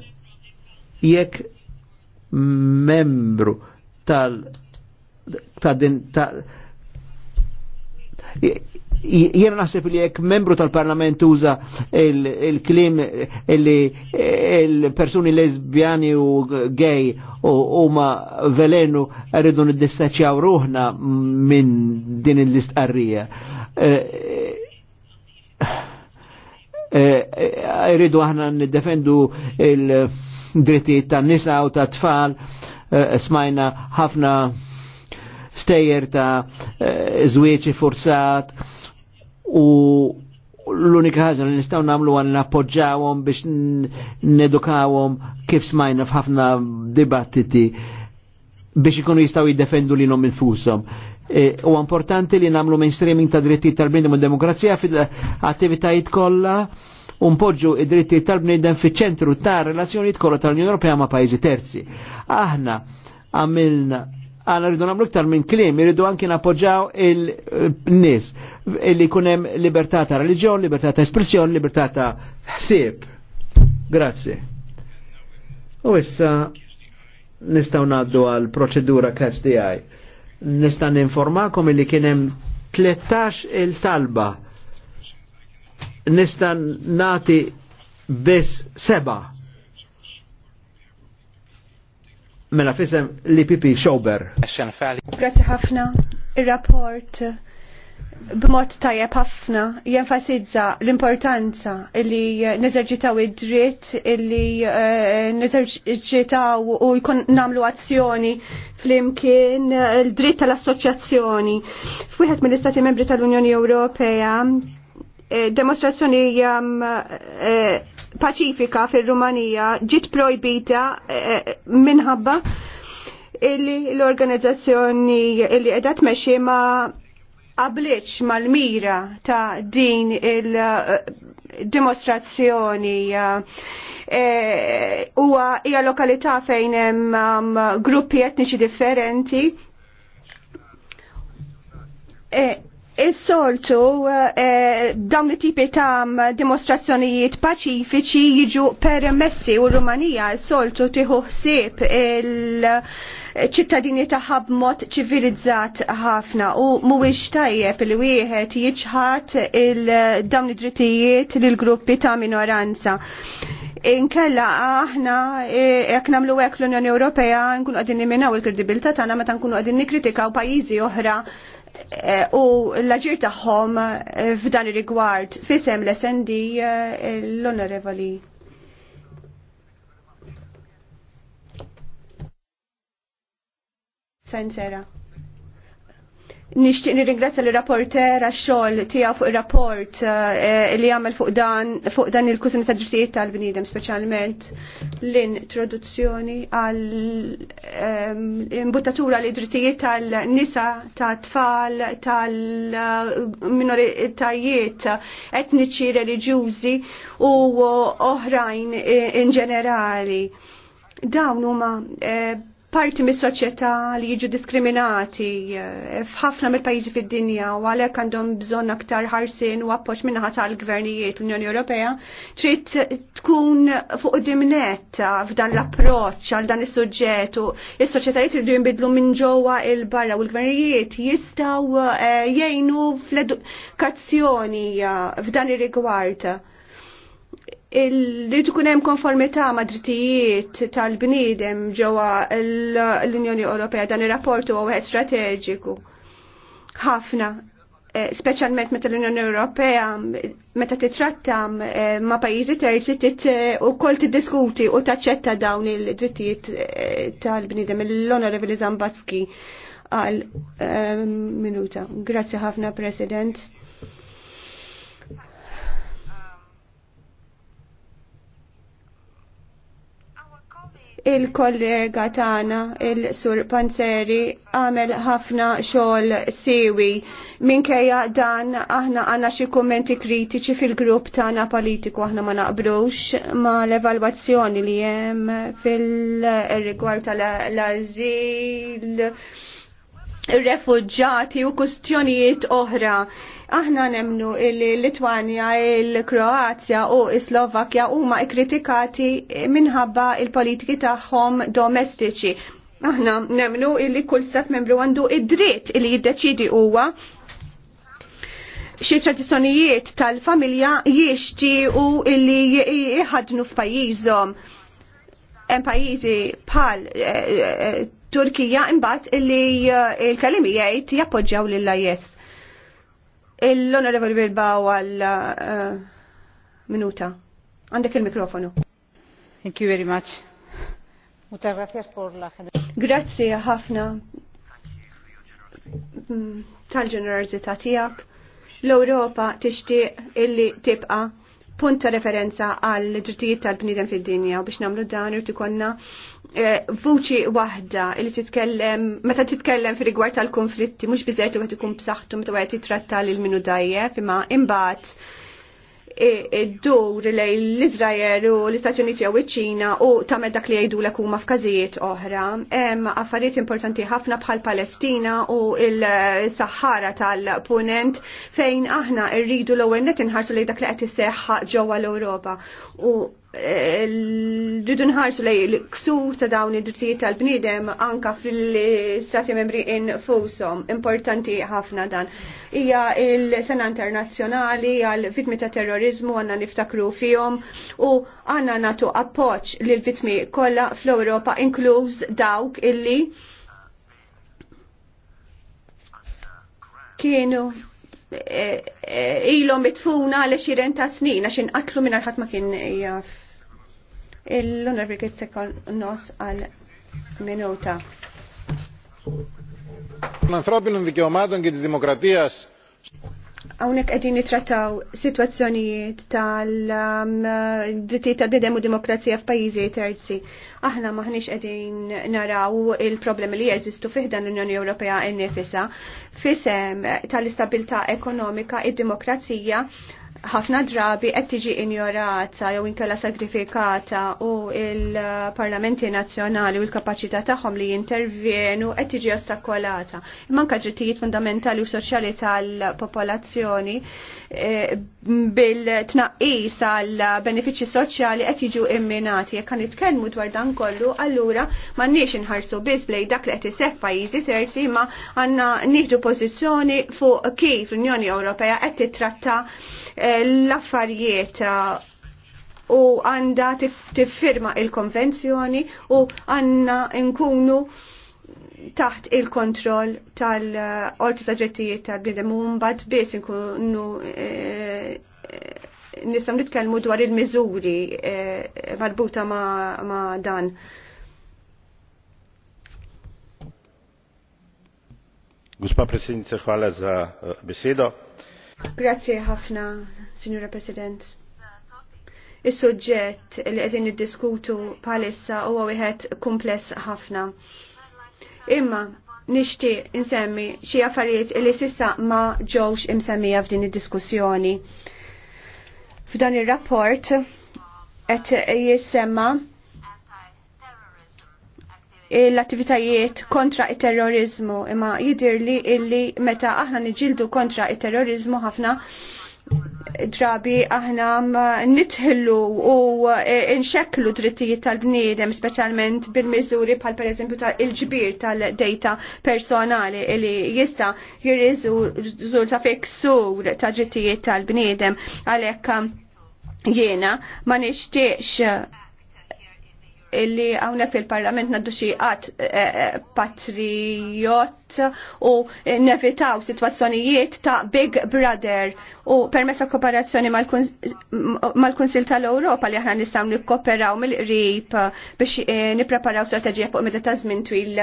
Jekk membru tal ta' din ta' Jena naħseb li jekk membru tal-parlament uża il-klim li il-persuni lesbjani u gay u ma velenu rridu niddistaċjaw ruħna minn din l-istqarrija. Eh, eh, eh, rridu aħna niddefendu il-drittijiet tan-nisa u ta' tfal smajna ħafna stejjer ta' zwieċi forzat, u l-unika ħaġa li nistgħu nagħmlu għan nappoġġawhom biex nedukawhom kif smajna f'ħafna dibattiti biex ikunu jistgħu jiddefendu lilhom infushom. E, u importanti li namlu mainstreaming ta' dritti tal-bnidem u demokrazija fil-attivitajiet kollha u mpoġġu id-dritti tal-bnidem fiċ-ċentru ta' relazzjonijiet kollha tal-Unjoni Ewropea ma' pajjiżi terzi. Aħna għamilna għana rridu namlu ktar minn klim, rridu anki napoġġaw il-nis li kunem libertà ta' religjon, libertà ta' espressjon, libertà ta' ħsieb. Grazie. U issa nistaw naddu għal proċedura catch di għaj. Nista' ninformakom li kienem 13 il-talba. Nista' nati bis seba' mela fisem li pipi xober. Grazie ħafna. Il-rapport eh, b'mod tajjeb ħafna jenfasizza l-importanza li eh, neżerġitaw id-dritt, li eh, neżerġitaw u jkun namlu azzjoni fl-imkien l-dritt tal-assoċjazzjoni. F'wieħed mill-Istati Membri tal-Unjoni Ewropea demonstrazzjoni jam ehm, paċifika fil rumanija ġit projbita eh, eh, minħabba illi l-organizzazzjoni illi edat meċi ma qablitx mal-mira ta' din il-dimostrazzjoni eh, huwa e, hija lokalità fejn hemm um, gruppi etniċi differenti. E, Is-soltu eh, dawn it-tipi ta' dimostrazzjonijiet paċifiċi jiġu permessi u Rumanija s-soltu tieħu ħsieb il-ċittadini ta' b'mod ċivilizzat ħafna u mhuwiex tajjeb li wieħed jiġħad il-dawn id-drittijiet lil gruppi ta' minoranza inkella aħna eh, jekk nagħmlu hekk l-Unjoni Ewropea nkunu qegħdin niminaw il-kredibilità tagħna meta nkunu qegħdin nikkritikaw pajjiżi oħra Eh, u l-ġir tagħhom eh, f'dan ir-rigward fisem l-SND eh, l-Onorevoli. Sensera. Nishtiq nirringrazzja l rapporter għax-xogħol tiegħu fuq ir-rapport eh, eh, li għamel fuq dan fuq dan il kusin ta' drittijiet tal-bniedem speċjalment l-introduzzjoni għal ehm, imbuttatura li drittijiet tal-nisa, tat-tfal, tal-minoritajiet etniċi, reliġjużi u oħrajn eh, in ġenerali. Dawn huma parti mis soċjetà li jiġu diskriminati eh, f'ħafna mill-pajjiżi fid-dinja u għalhekk għandhom bżonn aktar ħarsien u appoġġ minnaħa tal-gvernijiet l-Unjoni Ewropea trid tkun fuq dimnetta f'dan l-approċċ għal dan is-suġġett u is-soċjetajiet iridu jinbidlu minn ġewwa il barra u l-gvernijiet jistgħu eh, jgħinu fl-edukazzjoni eh, f'dan ir-rigward li tkun hemm konformità ma' drittijiet tal-bniedem ġewwa l-Unjoni Ewropea dan ir-rapport huwa wieħed strateġiku. Ħafna eh, specialment meta l-Unjoni Ewropea meta titratta eh, ma' pajjiżi terzi wkoll eh, tiddiskuti u taċċetta dawn il-drittijiet tal-bniedem l-Onorevoli Zambatski għal minuta. Grazzi ħafna President. il-kollega tagħna il-Sur Panzeri għamel ħafna xogħol sewi. Minkejja dan aħna għandna xi kummenti kritiċi fil-grupp tagħna politiku aħna ma naqbrux ma l-evalwazzjoni li hemm fil-rigward tal-azil ir refugġati u kustjonijiet oħra Aħna nemnu il-Litwanja, il-Kroazja u il-Slovakja huma ikkritikati minħabba il-politiki tagħhom domestiċi. Aħna nemnu illi kull stat membru għandu id-dritt illi jiddeċidi huwa xie tradizzjonijiet tal-familja jiexġi illi jħadnu f'pajjiżhom. Hemm pajjiżi pal eh, eh, Turkija imbagħad illi eh, l-kalimi jgħid jappoġġjaw lil IS l-Onorevoli Bilbao għal eh, minuta. Għandek il-mikrofonu. Thank you very much. Muta gracias por la Grazie ħafna mm, tal ġenerazita tijak. L-Ewropa tixtieq illi tibqa' punt ta' referenza għal ġrtijiet tal-bnidem fid-dinja u biex namlu dan irti konna eh, vuċi wahda li titkellem, meta titkellem fil rigward tal-konflitti, mux bizzert u għet ikun b'saħħtu meta għet jitratta l minu dajje, imma imbat id-dur lej l-Izrael u l-Istati Uniti u ċ-Ċina u tagħmel dak li jgħidu l ma f'każijiet oħra. Hemm affarijiet importanti ħafna bħal Palestina u l-Sahara tal-Punent fejn aħna rridu l-ewwel net inħarsu lejn dak li qed isseħħaq ġewwa l-Ewropa. U rridu nħarsu lej l-ksur ta' dawn id-drittijiet tal-bniedem anka fil-stati membri infushom. Importanti ħafna dan. Hija il-Sena Internazzjonali għal vitmi ta' terrorizmu għandna niftakru fihom u għanna natu appoġġ l vitmi kollha fl-Ewropa inkluż dawk illi kienu eh, eh, ilom mitfuna għal xiren ta' snin għax inqatlu minn ħadd ma kien jaf l-Honorable Sekon nos għal minuta. L-anthropinum δικαιωμάτων και της demokratijas. Għawnek għedin nitrataw situazzjonijiet tal-drittijiet um, tal-bidem u demokrazija f'pajjiżi terzi. Aħna maħniex għedin naraw il-problemi li jeżistu fiħdan l-Unjoni Ewropea ennifisa. Fisem tal-istabilta ekonomika id-demokrazija ħafna drabi qed tiġi injorata jew inkella sagrifikata u il-parlamenti nazzjonali u l-kapaċità tagħhom li jintervjenu qed tiġi ostakolata. Anke ġrittijiet fundamentali u soċjali tal-popolazzjoni e, bil-tnaqqis tal-benefiċċji soċjali qed jiġu imminati. Jekk nitkellmu dwar dan kollu, allura m'għandniex inħarsu biss lejn dak li qed isef pajjiżi terzi ma għandna nieħdu pożizzjoni fuq kif l-Unjoni Ewropea qed titratta l-affarijiet uh, u għanda tiffirma il-konvenzjoni u għanna nkunu taħt il-kontroll tal-orti ta' ġettijiet tal-bnidem u mbad biss nkunu eh, nistgħu nitkellmu dwar il-miżuri eh, marbuta ma' dan. Gospa predsednica, hvala za eh, besedo. Grazie ħafna, Signora President. Is-suġġett li qegħdin niddiskutu bħalissa huwa wieħed kumpless ħafna. Imma nixtieq insemmi xi affarijiet li sissa ma ġewx imsemmija f'din id-diskussjoni. F'dan ir-rapport qed jissemma l-attivitajiet kontra il-terrorizmu imma jidir li illi meta aħna niġildu kontra il-terrorizmu ħafna drabi aħna nitħillu u inxeklu drittijiet tal-bniedem speċjalment bil-miżuri bħal pereżempju tal-ġbir tal-data personali li jista' jirriżulta ta' fiksur ta' drittijiet tal-bniedem għalhekk jiena ma nixtieqx li għawnek fil-parlament naddu xieqat eh, eh, patriot u nevitaw situazzjonijiet ta' Big Brother u permessa kooperazzjoni mal-Kunsil tal-Europa li aħna nistaw nikkoperaw mill-qrib biex eh, nipreparaw strategija fuq meta ta' żmien twil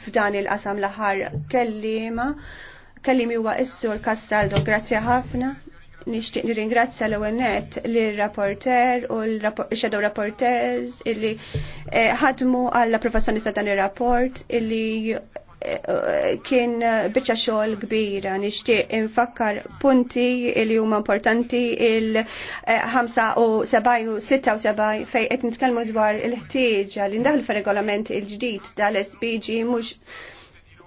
f'dan il-qasam l-aħħar kellima. Kellimi huwa is-sur Kastaldo, grazzi ħafna nishtiq nirringrazzja l-ONET l-rapporter u l-shadow rapporters illi eh, ħadmu għall approvazzjoni ta' dan ir-rapport illi eh, kien eh, biċċa xogħol kbira nixtieq infakkar punti li huma importanti il-75 u 76 fejn qed nitkellmu dwar il-ħtieġa li ndaħlu fir-regolament il-ġdid dal-SBG mhux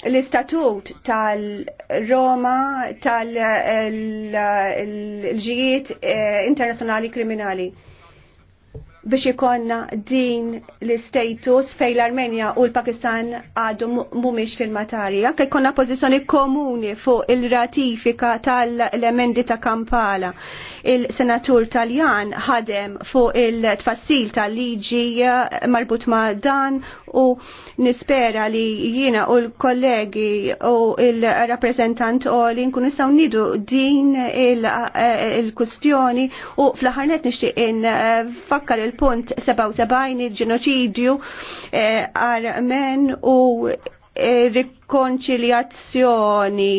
l-istatut tal-Roma tal-ġijiet eh, internazjonali kriminali biex ikonna din l-status fej l-Armenja u l-Pakistan għadu mumiex fil-matari. Anke jkonna pozizjoni komuni fuq il-ratifika tal-emendi ta' Kampala il-senatur Taljan ħadem fuq il-tfassil tal-liġi eh, marbut ma' dan u nispera li jiena u l-kollegi u il-rappresentant u li nkun nistaw nidu din eh, il-kustjoni u fl-ħarnet nishtiq in fakkar il-punt 77 il-ġenoċidju eh, armen u rikonċiljazzjoni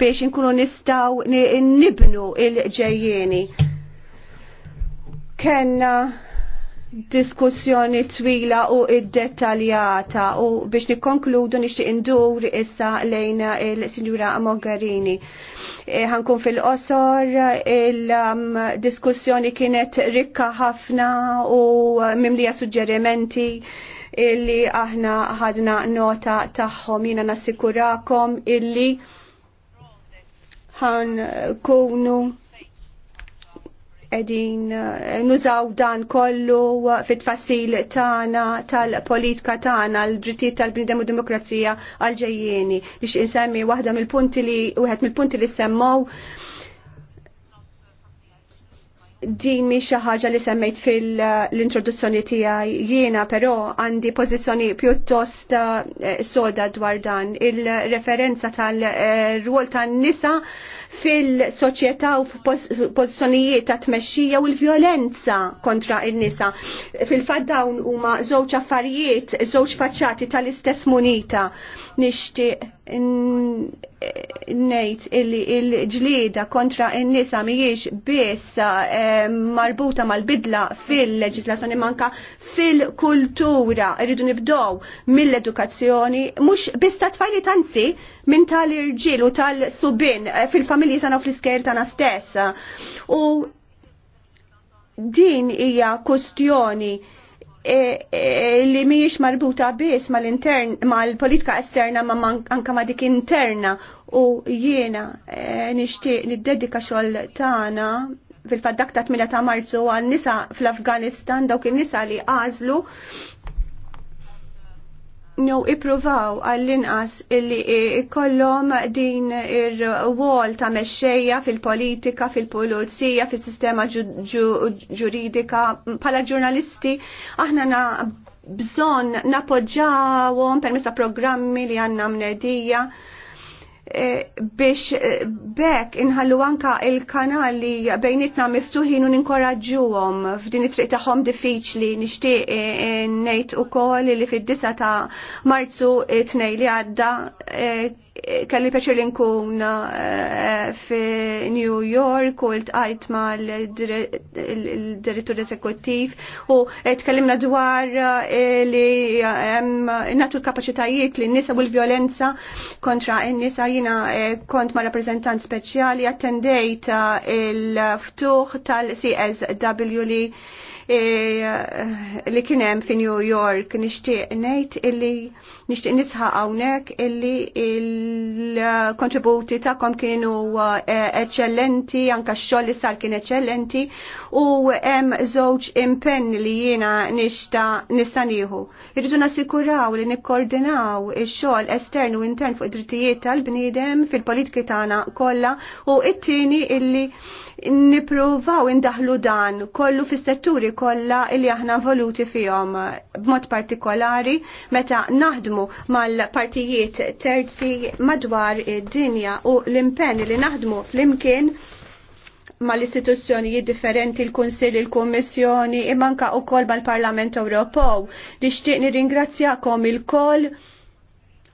biex inkunu nistaw nibnu il-ġejjeni. Kenna diskussjoni twila u id-detaljata u biex nikkonkludu nixtieq indur issa lejn il-Sinjura Mogherini eh, ħankun fil-qosor, il-diskussjoni um, kienet rikka ħafna u mimlija suġġerimenti illi aħna ħadna nota tagħhom jina nassikurakom illi ħan kunu edin eh, nużaw dan kollu fit tfassil tana tal-politika tana l-drittijiet tal-bnidem u demokrazija għal-ġejjeni biex insemmi waħda mill-punti li wieħed mill-punti li semmow din mi ħaġa li semmejt fil-introduzzjoni tiegħi jiena, però għandi pożizzjoni pjuttost eh, soda dwar dan. Il-referenza tal-rwol eh, tan-nisa fil-soċjetà u f'pożizzjonijiet ta' tmexxija u l-vjolenza kontra n-nisa. Fil-fatt dawn huma żewġ affarijiet, żewġ faċċati tal-istess munita nixtieq ngħid illi l-ġlieda kontra n-nisa mhijiex biss eh, marbuta mal-bidla fil-leġislazzjoni manka fil-kultura. Irridu nibdow mill-edukazzjoni, mhux biss ta' tfajli tanzi, minn tal-irġil u tal-subin eh, fil-familji sana fl iskel tagħna stessa. U din hija kustjoni eh, eh, li miex marbuta biss mal-intern, mal-politika esterna, ma anka ma dik interna u jiena e, nishtiq niddedika xogħol tagħna fil-faddak ta' 8 ta' Marzu għan nisa fl-Afganistan dawk in-nisa li għażlu no iprovaw għall-inqas illi kollom din ir-wol ta' mexxejja fil-politika, fil-pulizija, fil-sistema ġuridika, pala ġurnalisti, aħna na bżon napoġġawhom permezz ta' programmi li għandna mnedija Eh, biex eh, bekk inħallu anka il-kanali bejnietna miftuħin u ninkoraġġuhom f'din it-triq tagħhom diffiċli nixtieq eh, ngħid ukoll li fid-disa ta' Marzu it-tnejn li għadda kelli peċir li nkun eh, fi New York u l-tqajt ma l-direttur esekutif u eh, tkellimna dwar eh, li natu l-kapacitajiet li nisa u l-violenza kontra n-nisa jina kont ma rappresentant speċjali attendejt il-ftuħ tal-CSW li Eh, li kien hemm fi New York nixtieq ngħid illi nixtieq nisħaq hawnhekk illi il-kontributi tagħkom kienu eċċellenti, eh, anke x-xogħol li sar kien eċċellenti u hemm żewġ impen li jiena nishta nista' nieħu. Irridu nassikuraw li nikkoordinaw ix-xogħol estern u intern fuq id-drittijiet tal-bniedem fil-politiki tagħna kollha u it-tieni illi niprovaw indaħlu dan kollu fis setturi kollha li aħna voluti fihom b'mod partikolari meta naħdmu mal-partijiet terzi madwar id-dinja u l-impenni li naħdmu flimkien mal-istituzzjonijiet differenti, l kunsill il-Kommissjoni, imanka u kol mal-Parlament Ewropew. Nixtieq nirringrazzjakom il-koll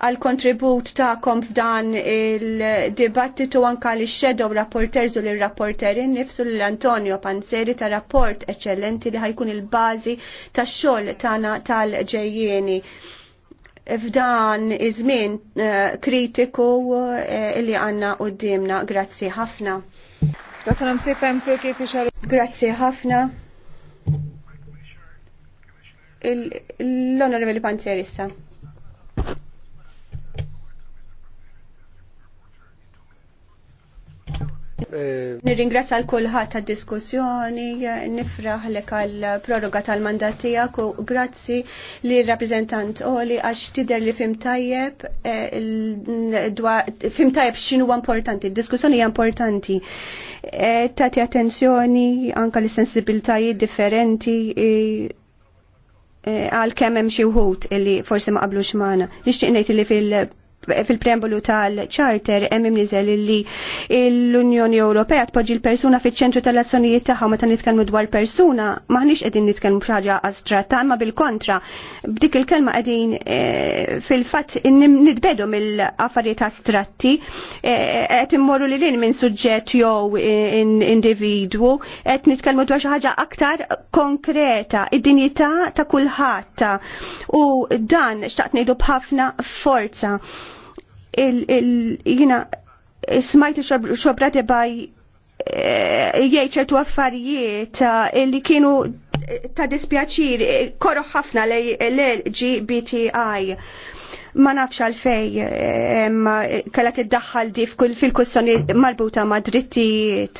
għal kontribut ta'kom f'dan il-dibattitu anka li shadow rapporters u li rapporterin nifsu l-Antonio Panzeri ta' rapport eccellenti li ħajkun il-bazi ta' xol ta' tal-ġejjeni. F'dan iż-żmien eh, kritiku eh, li għanna u dimna. Grazzi ħafna. Grazzi ħafna. L-onorevoli sa'. Eh, Nirringrazzja l kulħadd ta' diskussjoni nifraħ li għal proroga tal-mandat tiegħek u grazzi li rappresentant Oli għax tidher li fim tajjeb eh, fim tajjeb x'inhu importanti, d-diskussjoni hija importanti. Eh, tagħti attenzjoni anke li sensibiltajiet differenti għal kemm hemm xi wħud illi forsi ma qablux magħna. Nixtieq ngħid li fil- fil prembolu tal-charter hemm imniżel li l-Unjoni Ewropea tpoġġi l-persuna fiċ-ċentru tal-azzjonijiet tagħha meta nitkellmu dwar persuna maħniex qegħdin nitkellmu f'ħaġa astratta imma bil-kontra b'dik il-kelma qegħdin eh, fil-fatt nitbedu mill-affarijiet astratti eh, eh, qed immorru lil lin minn suġġett jew individwu qed nitkellmu dwar xi ħaġa aktar konkreta id-dinjità ta' kulħadd u dan xtaqt ngħidu b'ħafna forza jina smajti xobrati baj eh, ċertu affarijiet eh, li kienu eh, ta' dispjaċir korroħ ħafna l-LGBTI ma nafx għalfej kalla tiddaħħal di fil-kussjoni marbuta ma' drittijiet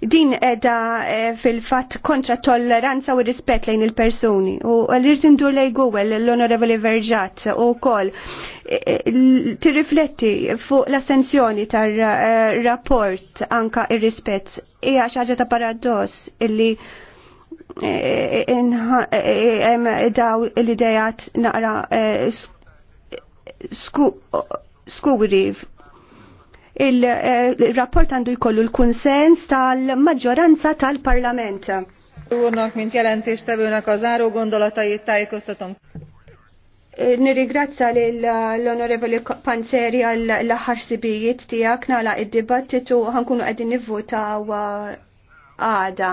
din edha eh, fil-fat kontra tolleranza u rispet lejn il-persuni. U l dur lej għuwel l-onorevoli verġat u kol eh, eh, tirrifletti fuq l assenzjoni tar-rapport anka ir-rispett hija xaġa ta' paradoss illi daw l-idejat naqra skuri il-rapport għandu jkollu l-konsens tal-maġġoranza tal-Parlament. minn mint jelentéstevőnek a záró gondolatait tájékoztatom. Eh, Nirigrazza l-Onorevoli Panzeri għall-aħħar sibijiet tiegħek nagħlaq id-dibattitu għankunu qegħdin nivvota eh, għada.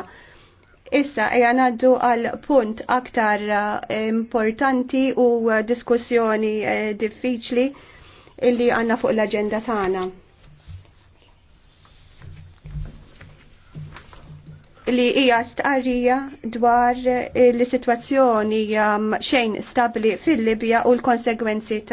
Issa ejja għaddu għal punt aktar eh, importanti u diskussjoni diffiċli illi għandna fuq l-aġenda tagħna. li hija stqarrija dwar eh, l-sitwazzjoni um, xejn stabbli fil-Libja u l-konsegwenzi ta'